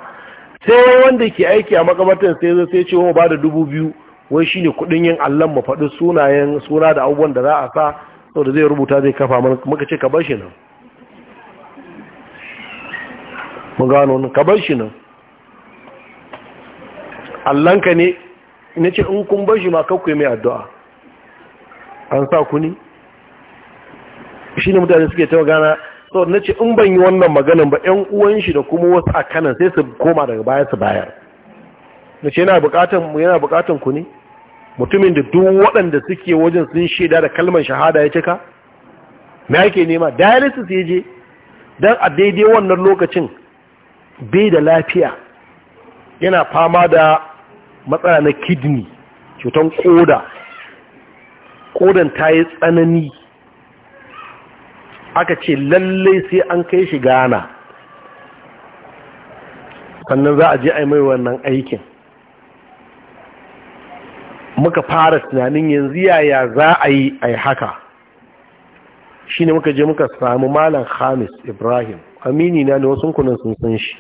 [SPEAKER 1] sai wanda ke aiki a makamatan sai zai sai ce wa oh, ba da dubu biyu wai shi ne kudin yin allon mu faɗi sunayen suna da abubuwan da za a sa sau da zai rubuta zai kafa maka ce ka bar shi nan mu gano ka bar shi nan allonka ne na ce in kun shi ma kakwai mai addu'a an sa ku ne shi ne mutane suke tawa gana so na ce in ban yi wannan maganin ba ‘yan uwan shi da kuma wasu a kanan sai su koma daga baya su bayar na ce yana bukatan ku ne mutumin da duk waɗanda suke wajen sun shaida da kalmar shahada ya cika me ake nema dialysis ya je don a daidai wannan lokacin bai da lafiya yana fama da matsala na kidney cutan koda kodan ta yi tsanani aka ce lallai sai an kai shi gana sannan za a je a yi mai wannan aikin muka fara tunanin yanzu yaya za a yi a haka shi ne muka je muka samu malam hamis ibrahim amini na ne wasu kunan sun san shi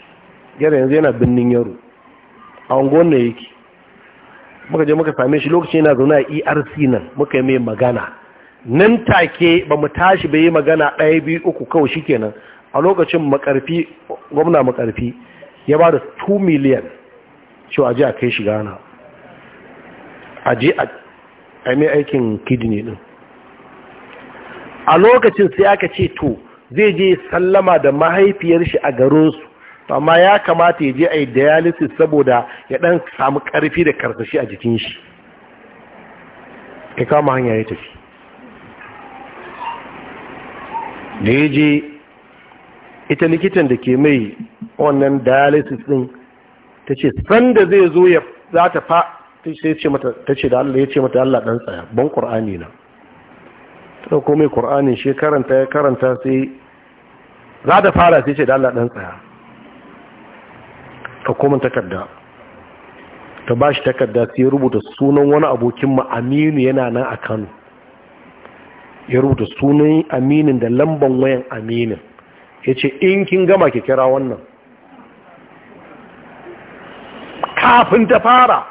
[SPEAKER 1] yara yanzu yana birnin yaro a wangon na yake muka je muka same shi lokaci yana zaune a erc nan muka yi mai magana nan take ba mu tashi bai yi magana ɗaya biyu uku kawai shi kenan a lokacin makarfi gwamna makarfi ya ba da 2 miliyan cewa aji a kai shi gana aji a mai aikin kidney din a lokacin sai aka ce to zai je sallama da mahaifiyar shi a garinsu to amma ya kamata ya je a yi dialysis saboda ya dan samu karfi da karsashi a jikin shi ya kama hanya ya tafi da ya je ita likitan da ke mai wannan dialysis din ta ce sanda zai zo ya za ta fa ta ce da Allah ya ce mata Allah dan tsaya ban ƙur'ani na ta dauko mai ƙur'ani shekaranta ya karanta sai za ta fara sai ce da Allah dan tsaya ka koma takarda ta ba shi takarda sai ya rubuta sunan wani abokinmu aminu yana nan a kano ya rubuta sunan aminin da lamban wayan aminin ya ce in kin gama ki kira wannan kafin ta fara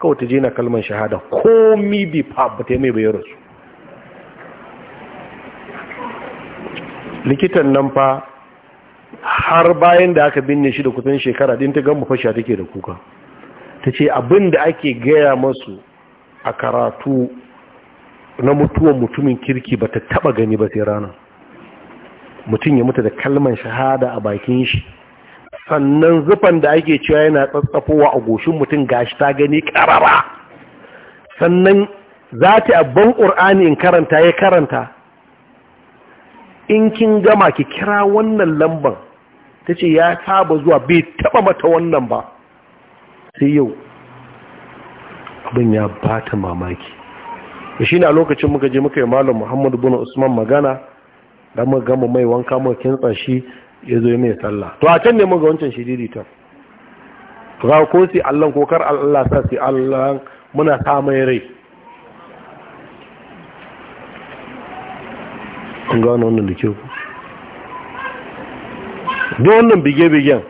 [SPEAKER 1] kawai ta je na kalmar shahada komi bi fabata mai bayar su likitan nan fa har bayan da aka binne shi da kusan shekara din ta gamba fasha take da kuka ta ce abin da ake gaya masu a karatu na mutuwan mutumin kirki ba ta taba gani ba sai rana mutum ya mutu da kalman shahada a bakin shi sannan zufan da ake cewa yana tsatsafowa a goshin mutum gashi ta gani karara sannan za ta abban ƙur'ani in karanta ya karanta in kin gama ki kira wannan lamban ta ce ya saba zuwa bai taba mata wannan ba sai yau abin ya ba mamaki da shi na lokacin muka je muka yi malam muhammadu bin usman magana da muka gama mai wanka muka kintsa shi ya zo mai sallah to a can ne muka wancan shiriri ta ga ko sai allah ko kar allah sa sai allan muna sa mai rai kun gano wannan da kyau don wannan bige-bigen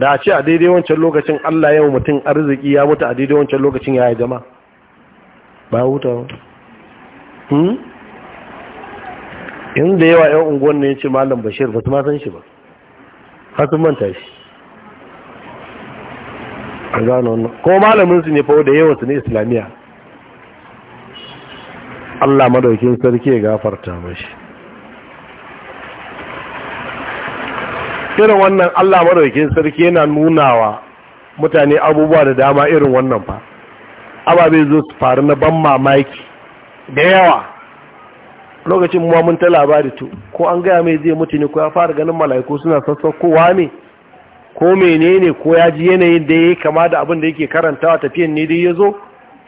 [SPEAKER 1] da a ce a daidai wancan lokacin Allah yau mutum arziki ya mutu a daidai wancan lokacin ya yi jama ba huta hmm? In inda yawa yan unguwan ne ya ce malam bashir ba ma san shi ba hasun manta shi a gano wannan kuma malaminsu ne fawo da yawansu ne islamiyya Allah madaukin sarki ya gafarta mashi irin wannan Allah maraukin sarki yana nunawa mutane abubuwa da dama irin wannan fa ababe zo su faru na ban mamaki da yawa lokacin muwa mun ta labari to ko an gaya mai zai mutu ne ko ya fara ganin mala'iku suna sassaukowa ne ko menene ko ya ji yanayin da ya kama da abin da yake karantawa tafiyan ne dai ya zo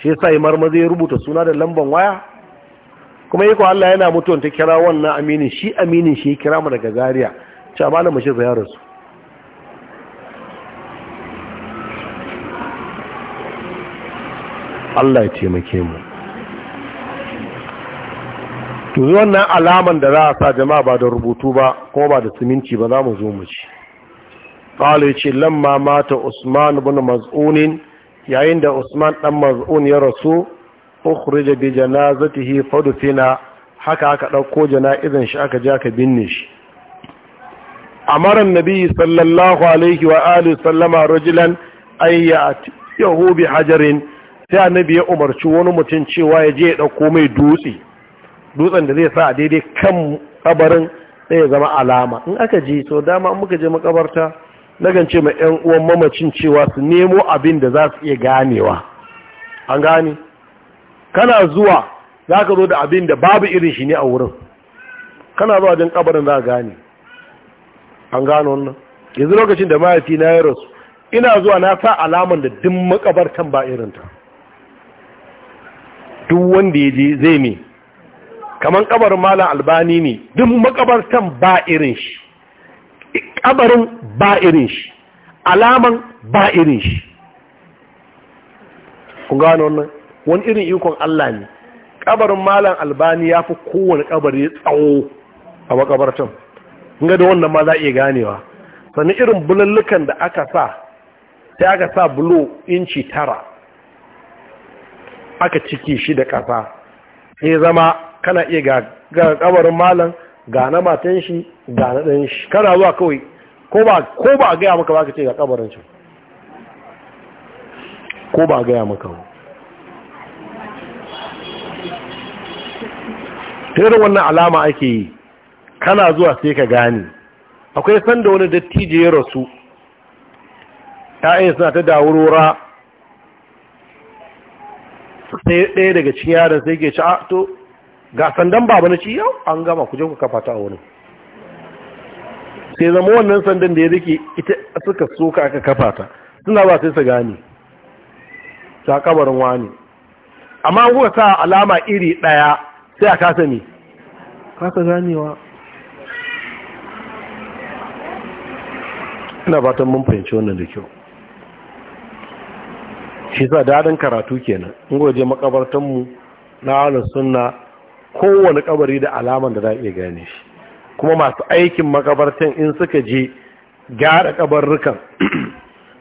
[SPEAKER 1] shi sa yi marmaza ya rubuta suna da lamban waya kuma yi ko Allah yana mutuwan ta kira wannan aminin shi aminin shi ya kira mu daga zaria ce a malam bashir ya rasu Allah ya taimake mu to wannan alaman da za a sa jama'a ba da rubutu ba ko ba da siminci ba za mu zo mu ci ya ce lamma mata usman bin mazunin yayin da usman ɗan maz'un ya rasu ukhrija bi janazatihi fadufina haka aka ɗauko jana'izan shi aka ja ka binne shi amara nabi sallallahu alaihi wa alihi sallama rajulan ay ya'ti yahu sai annabi ya umarci wani mutum cewa ya je ya dauko mai dutse dutsen da zai sa a daidai kan kabarin sai ya zama alama in aka je so dama muka je makabarta nagan ce ma yan uwan mamacin cewa su nemo abin da za su iya ganewa an gane kana zuwa za ka zo da abin da babu irin shi ne a wurin kana zuwa jin kabarin za ka gane an gano wannan yanzu lokacin da mahaifi na ya rasu ina zuwa na sa alaman da duk makabartan ba irinta duk wanda ya je zai ne kamar kabarin malam albani ne duk makabartan ba irin shi kabarin ba irin shi alaman ba irin shi kun gano wannan wani irin ikon Allah ne kabarin malam albani ya fi kowane kabari tsawo a makabartan ga da wannan ma za a iya ganewa sannan irin bulallukan da aka sa ta aka sa bulo inci tara aka ciki shi da ƙasa sai zama kana iya ga kabarin malam ga na matan shi ga na ɗan shi kana zuwa kawai ko ba a gaya maka ba ka ce ga kabarin shi ko ba a gaya maka ba tare wannan alama ake yi kana zuwa sai ka gane akwai sanda wani dattijo ya rasu ya'yan suna ta dawurora sai ɗaya daga cikin yaran sai ke ci a ah, to ga sandan baba na ci yau an gama kuje ku kafa ta a wurin sai zama wannan sandan da ya rike ita suka soka aka kafa ta suna ba sai su gane ta kabarin wani amma kuka sa alama iri ɗaya sai a kasa ne kasa ganewa ina fatan mun fahimci wannan da kyau shi sa daɗin karatu kenan in goje mu na ahlus sunna kowane kabari da alaman da za a iya gane shi kuma masu aikin makabartan in suka je gyara kabarrukan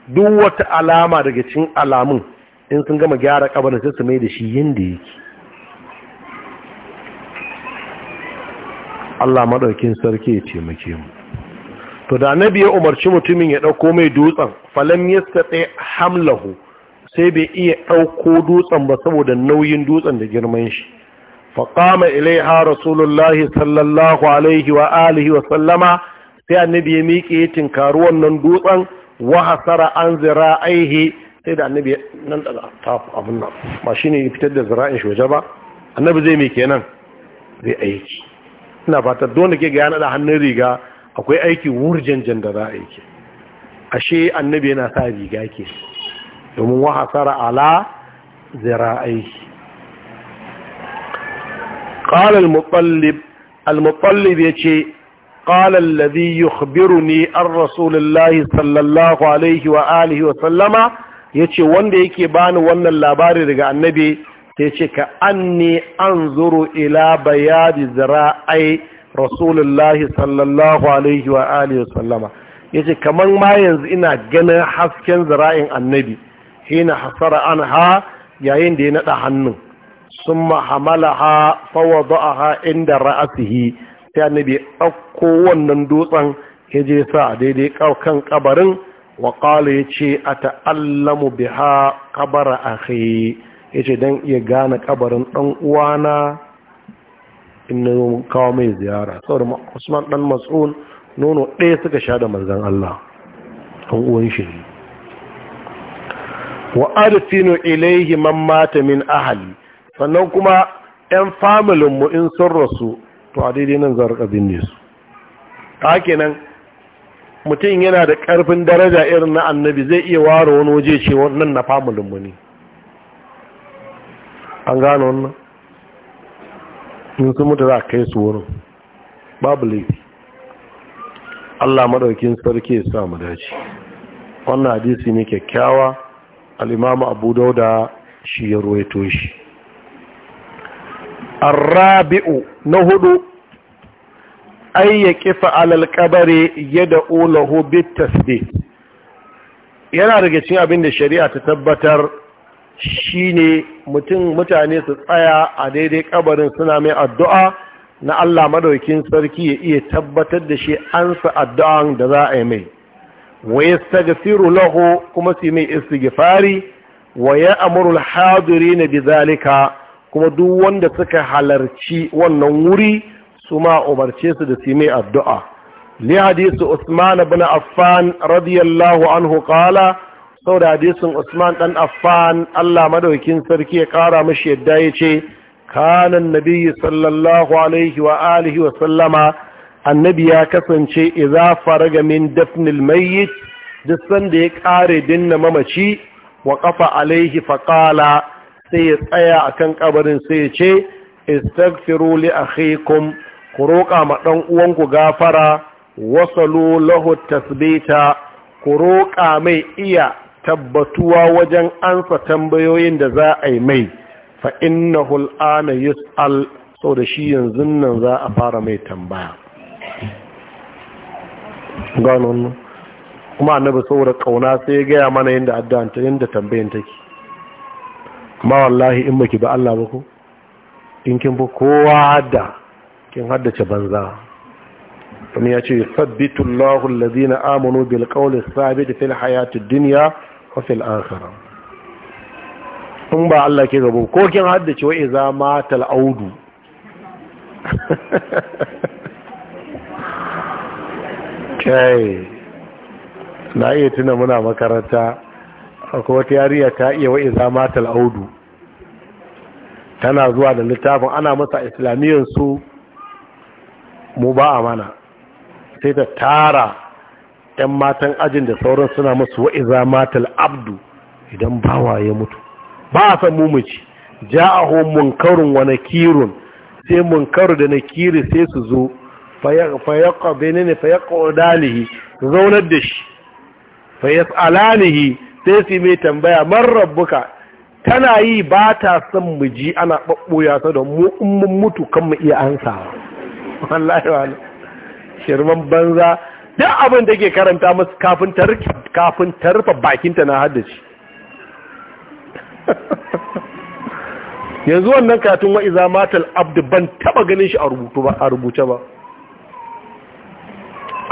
[SPEAKER 1] duk wata alama daga cikin alamun in sun gama gyara kabarin sai su mai da shi yanda yake Allah maɗaukin sarki ya taimake mu to da nabi ya umarci mutumin ya ɗauko mai dutsen falam yastati hamlahu sai bai iya ɗauko dutsen ba saboda nauyin dutsen da girman shi faƙama ilaiha rasulullahi sallallahu alaihi wa alihi wa sallama sai annabi ya miƙe ya tinkaru wannan dutsen wa hasara an zira'aihi sai da annabi nan da abin nan ba shi ne fitar da zira'in shi waje ba annabi zai miƙe nan? zai aiki ina fata dole ke ga yana da hannun riga akwai aiki wurjanjan da za a yi ashe annabi yana sa riga ke domin wa hasara ala zira aiki. qala al-muqallib al-muqallib yace qala alladhi yukhbiruni an rasulillahi sallallahu alaihi wa alihi wa sallama yace wanda yake bani wannan labari daga annabi sai yace ka anni anzuru ila bayadi zira'ai rasulullahi sallallahu alaihi wa alihi sallama yace kamar ma yanzu ina ganin hasken zira'in annabi hina hasara anha yayin da ya nada hannun summa hamalaha ha inda ra'asihi sai annabi ya dauko wannan dutsen ya je sa daidai kan kabarin wa qala yace ata'allamu biha a akhi yace dan iya gane kabarin ɗan uwana in na kawo mai ziyara saboda usman dan mas'un nono ɗaya suka sha da manzan Allah an uwan shi wa arsinu ilaihi man mata min ahali sannan kuma 'yan familin mu in sun rasu to a daidai nan zarka binne su ta kenan mutum yana da ƙarfin daraja irin na annabi zai iya ware wani waje ce wannan na familin mu ne an gano wannan in sun mutu za a kai su wurin babu laifi Allah madaukin sarki ya sa mu dace wannan hadisi ne kyakkyawa al-Imam Abu Dawud shi ya ruwaito shi Ar-Rabi'u na hudu ay yaqifa 'ala al-qabri yad'u lahu bit-tasbih yana daga cikin abin da shari'a ta tabbatar shine mutum mutane su tsaya a daidai kabarin suna mai addu'a na Allah madaukin sarki ya iya tabbatar da shi an su addu'an da za a yi mai wa yastaghfiru laho kuma su mai gifari, wa ya'muru al na Bizalika kuma duk wanda suka halarci wannan wuri su ma umarce su da su mai addu'a li hadisi Usman bin Affan radiyallahu anhu qala saboda hadisin Usman dan Affan Allah madaukin sarki ya kara mashi yadda yace kana annabi sallallahu alaihi wa alihi wa sallama annabi ya kasance idza faraga min dafnil mayyit duk sanda ya kare dinna mamaci wa qafa alaihi faqala sai ya tsaya akan kabarin sai ya ce istaghfiru li akhikum ku roƙa ma dan uwanku gafara wasalu lahu tasbita ku roƙa mai iya tabbatuwa wajen ansa tambayoyin da za a yi mai fa innahul ana yus'al sau da shi yanzu nan za a fara mai tambaya ganon kuma annabi saboda kauna sai ya gaya mana yadda addanta yadda tambayin take amma wallahi in baki ba Allah ba ku in kin fi kowa da kin haddace banza kuma ya ce sabbitullahu allazina amanu bil qawli thabit fil hayatid dunya wafi in ba Allah ke gabo ko kin haddace wa iza ma audu kai na iya tuna muna makaranta akwai wata yariya ta iya wa iza ma audu tana zuwa da littafin ana masa islamiyyar su mu ba a mana sai ta tara yan matan ajin da sauran suna masu wa'iza matal abdu idan bawa ya mutu ba a san mumuci hon munkarun wa nakirun sai munkaru da nakiri sai su zo bene ne fayakwa dalihi zaunar da shi Fayas alanihi sai su mai tambaya man rabbuka tana yi ba ta son mu ji ana babboya ta da mu mutu kan mu iya ansawa wallahi wani shirman banza duk abin da ke karanta musu kafin ta ta rufe bakinta na haddace yanzu wannan katun wa iza matal abdu ban taba ganin shi a rubuce ba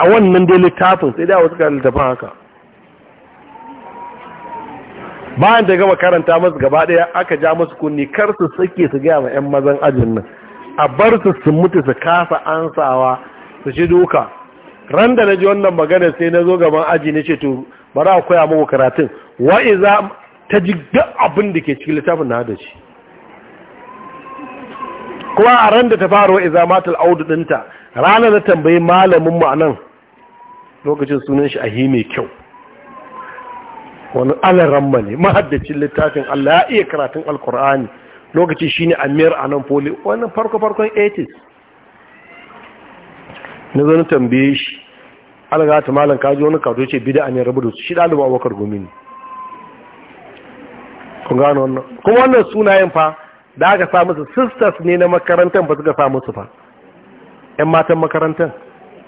[SPEAKER 1] a wannan dai littafin sai da wasu kan littafin haka bayan da gama karanta masu gaba daya aka ja masu kunni kar su suke su gaya ma 'yan mazan ajin nan a bar su su mutu su kasa ansawa su shi duka ran da na ji wannan magana sai na zo gaban aji na ce to bari a koya muku karatun wa'iza ta ji duk abin da ke cikin littafin na da shi kuma a ran da ta fara wa'iza matal audu dinta, rana da tambayi malamin mu a nan lokacin sunan shi ahi mai kyau wani alaramma ne mahaddacin littafin allah ya iya karatun alkur'ani lokaci shine amir a nan foli wani farko-farkon 80s na zo na tambaye shi alaga ta malam kaji wani kato ce bida ne rabu da su shi ɗalibu abokar gumi ne kun gano wannan kuma wannan sunayen fa da aka sa musu sisters ne na makarantar ba suka sa musu fa yan matan makarantar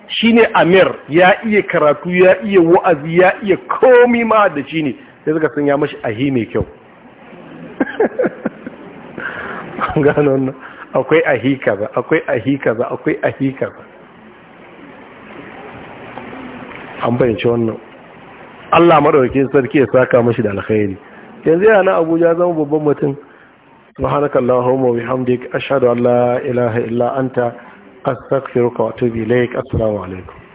[SPEAKER 1] shi ne amir ya iya karatu ya iya wa'azi ya iya komi ma da shi ne sai suka sun ya mashi ahi mai kyau gano wannan akwai ahi kaza akwai ahi kaza akwai ahi kaza an fahimci wannan Allah madaukakin sarki ya saka mashi da alkhairi yanzu yana Abuja zama babban mutum homo wa bihamdik ashhadu an la ilaha illa anta astaghfiruka wa atubu ilaik assalamu alaikum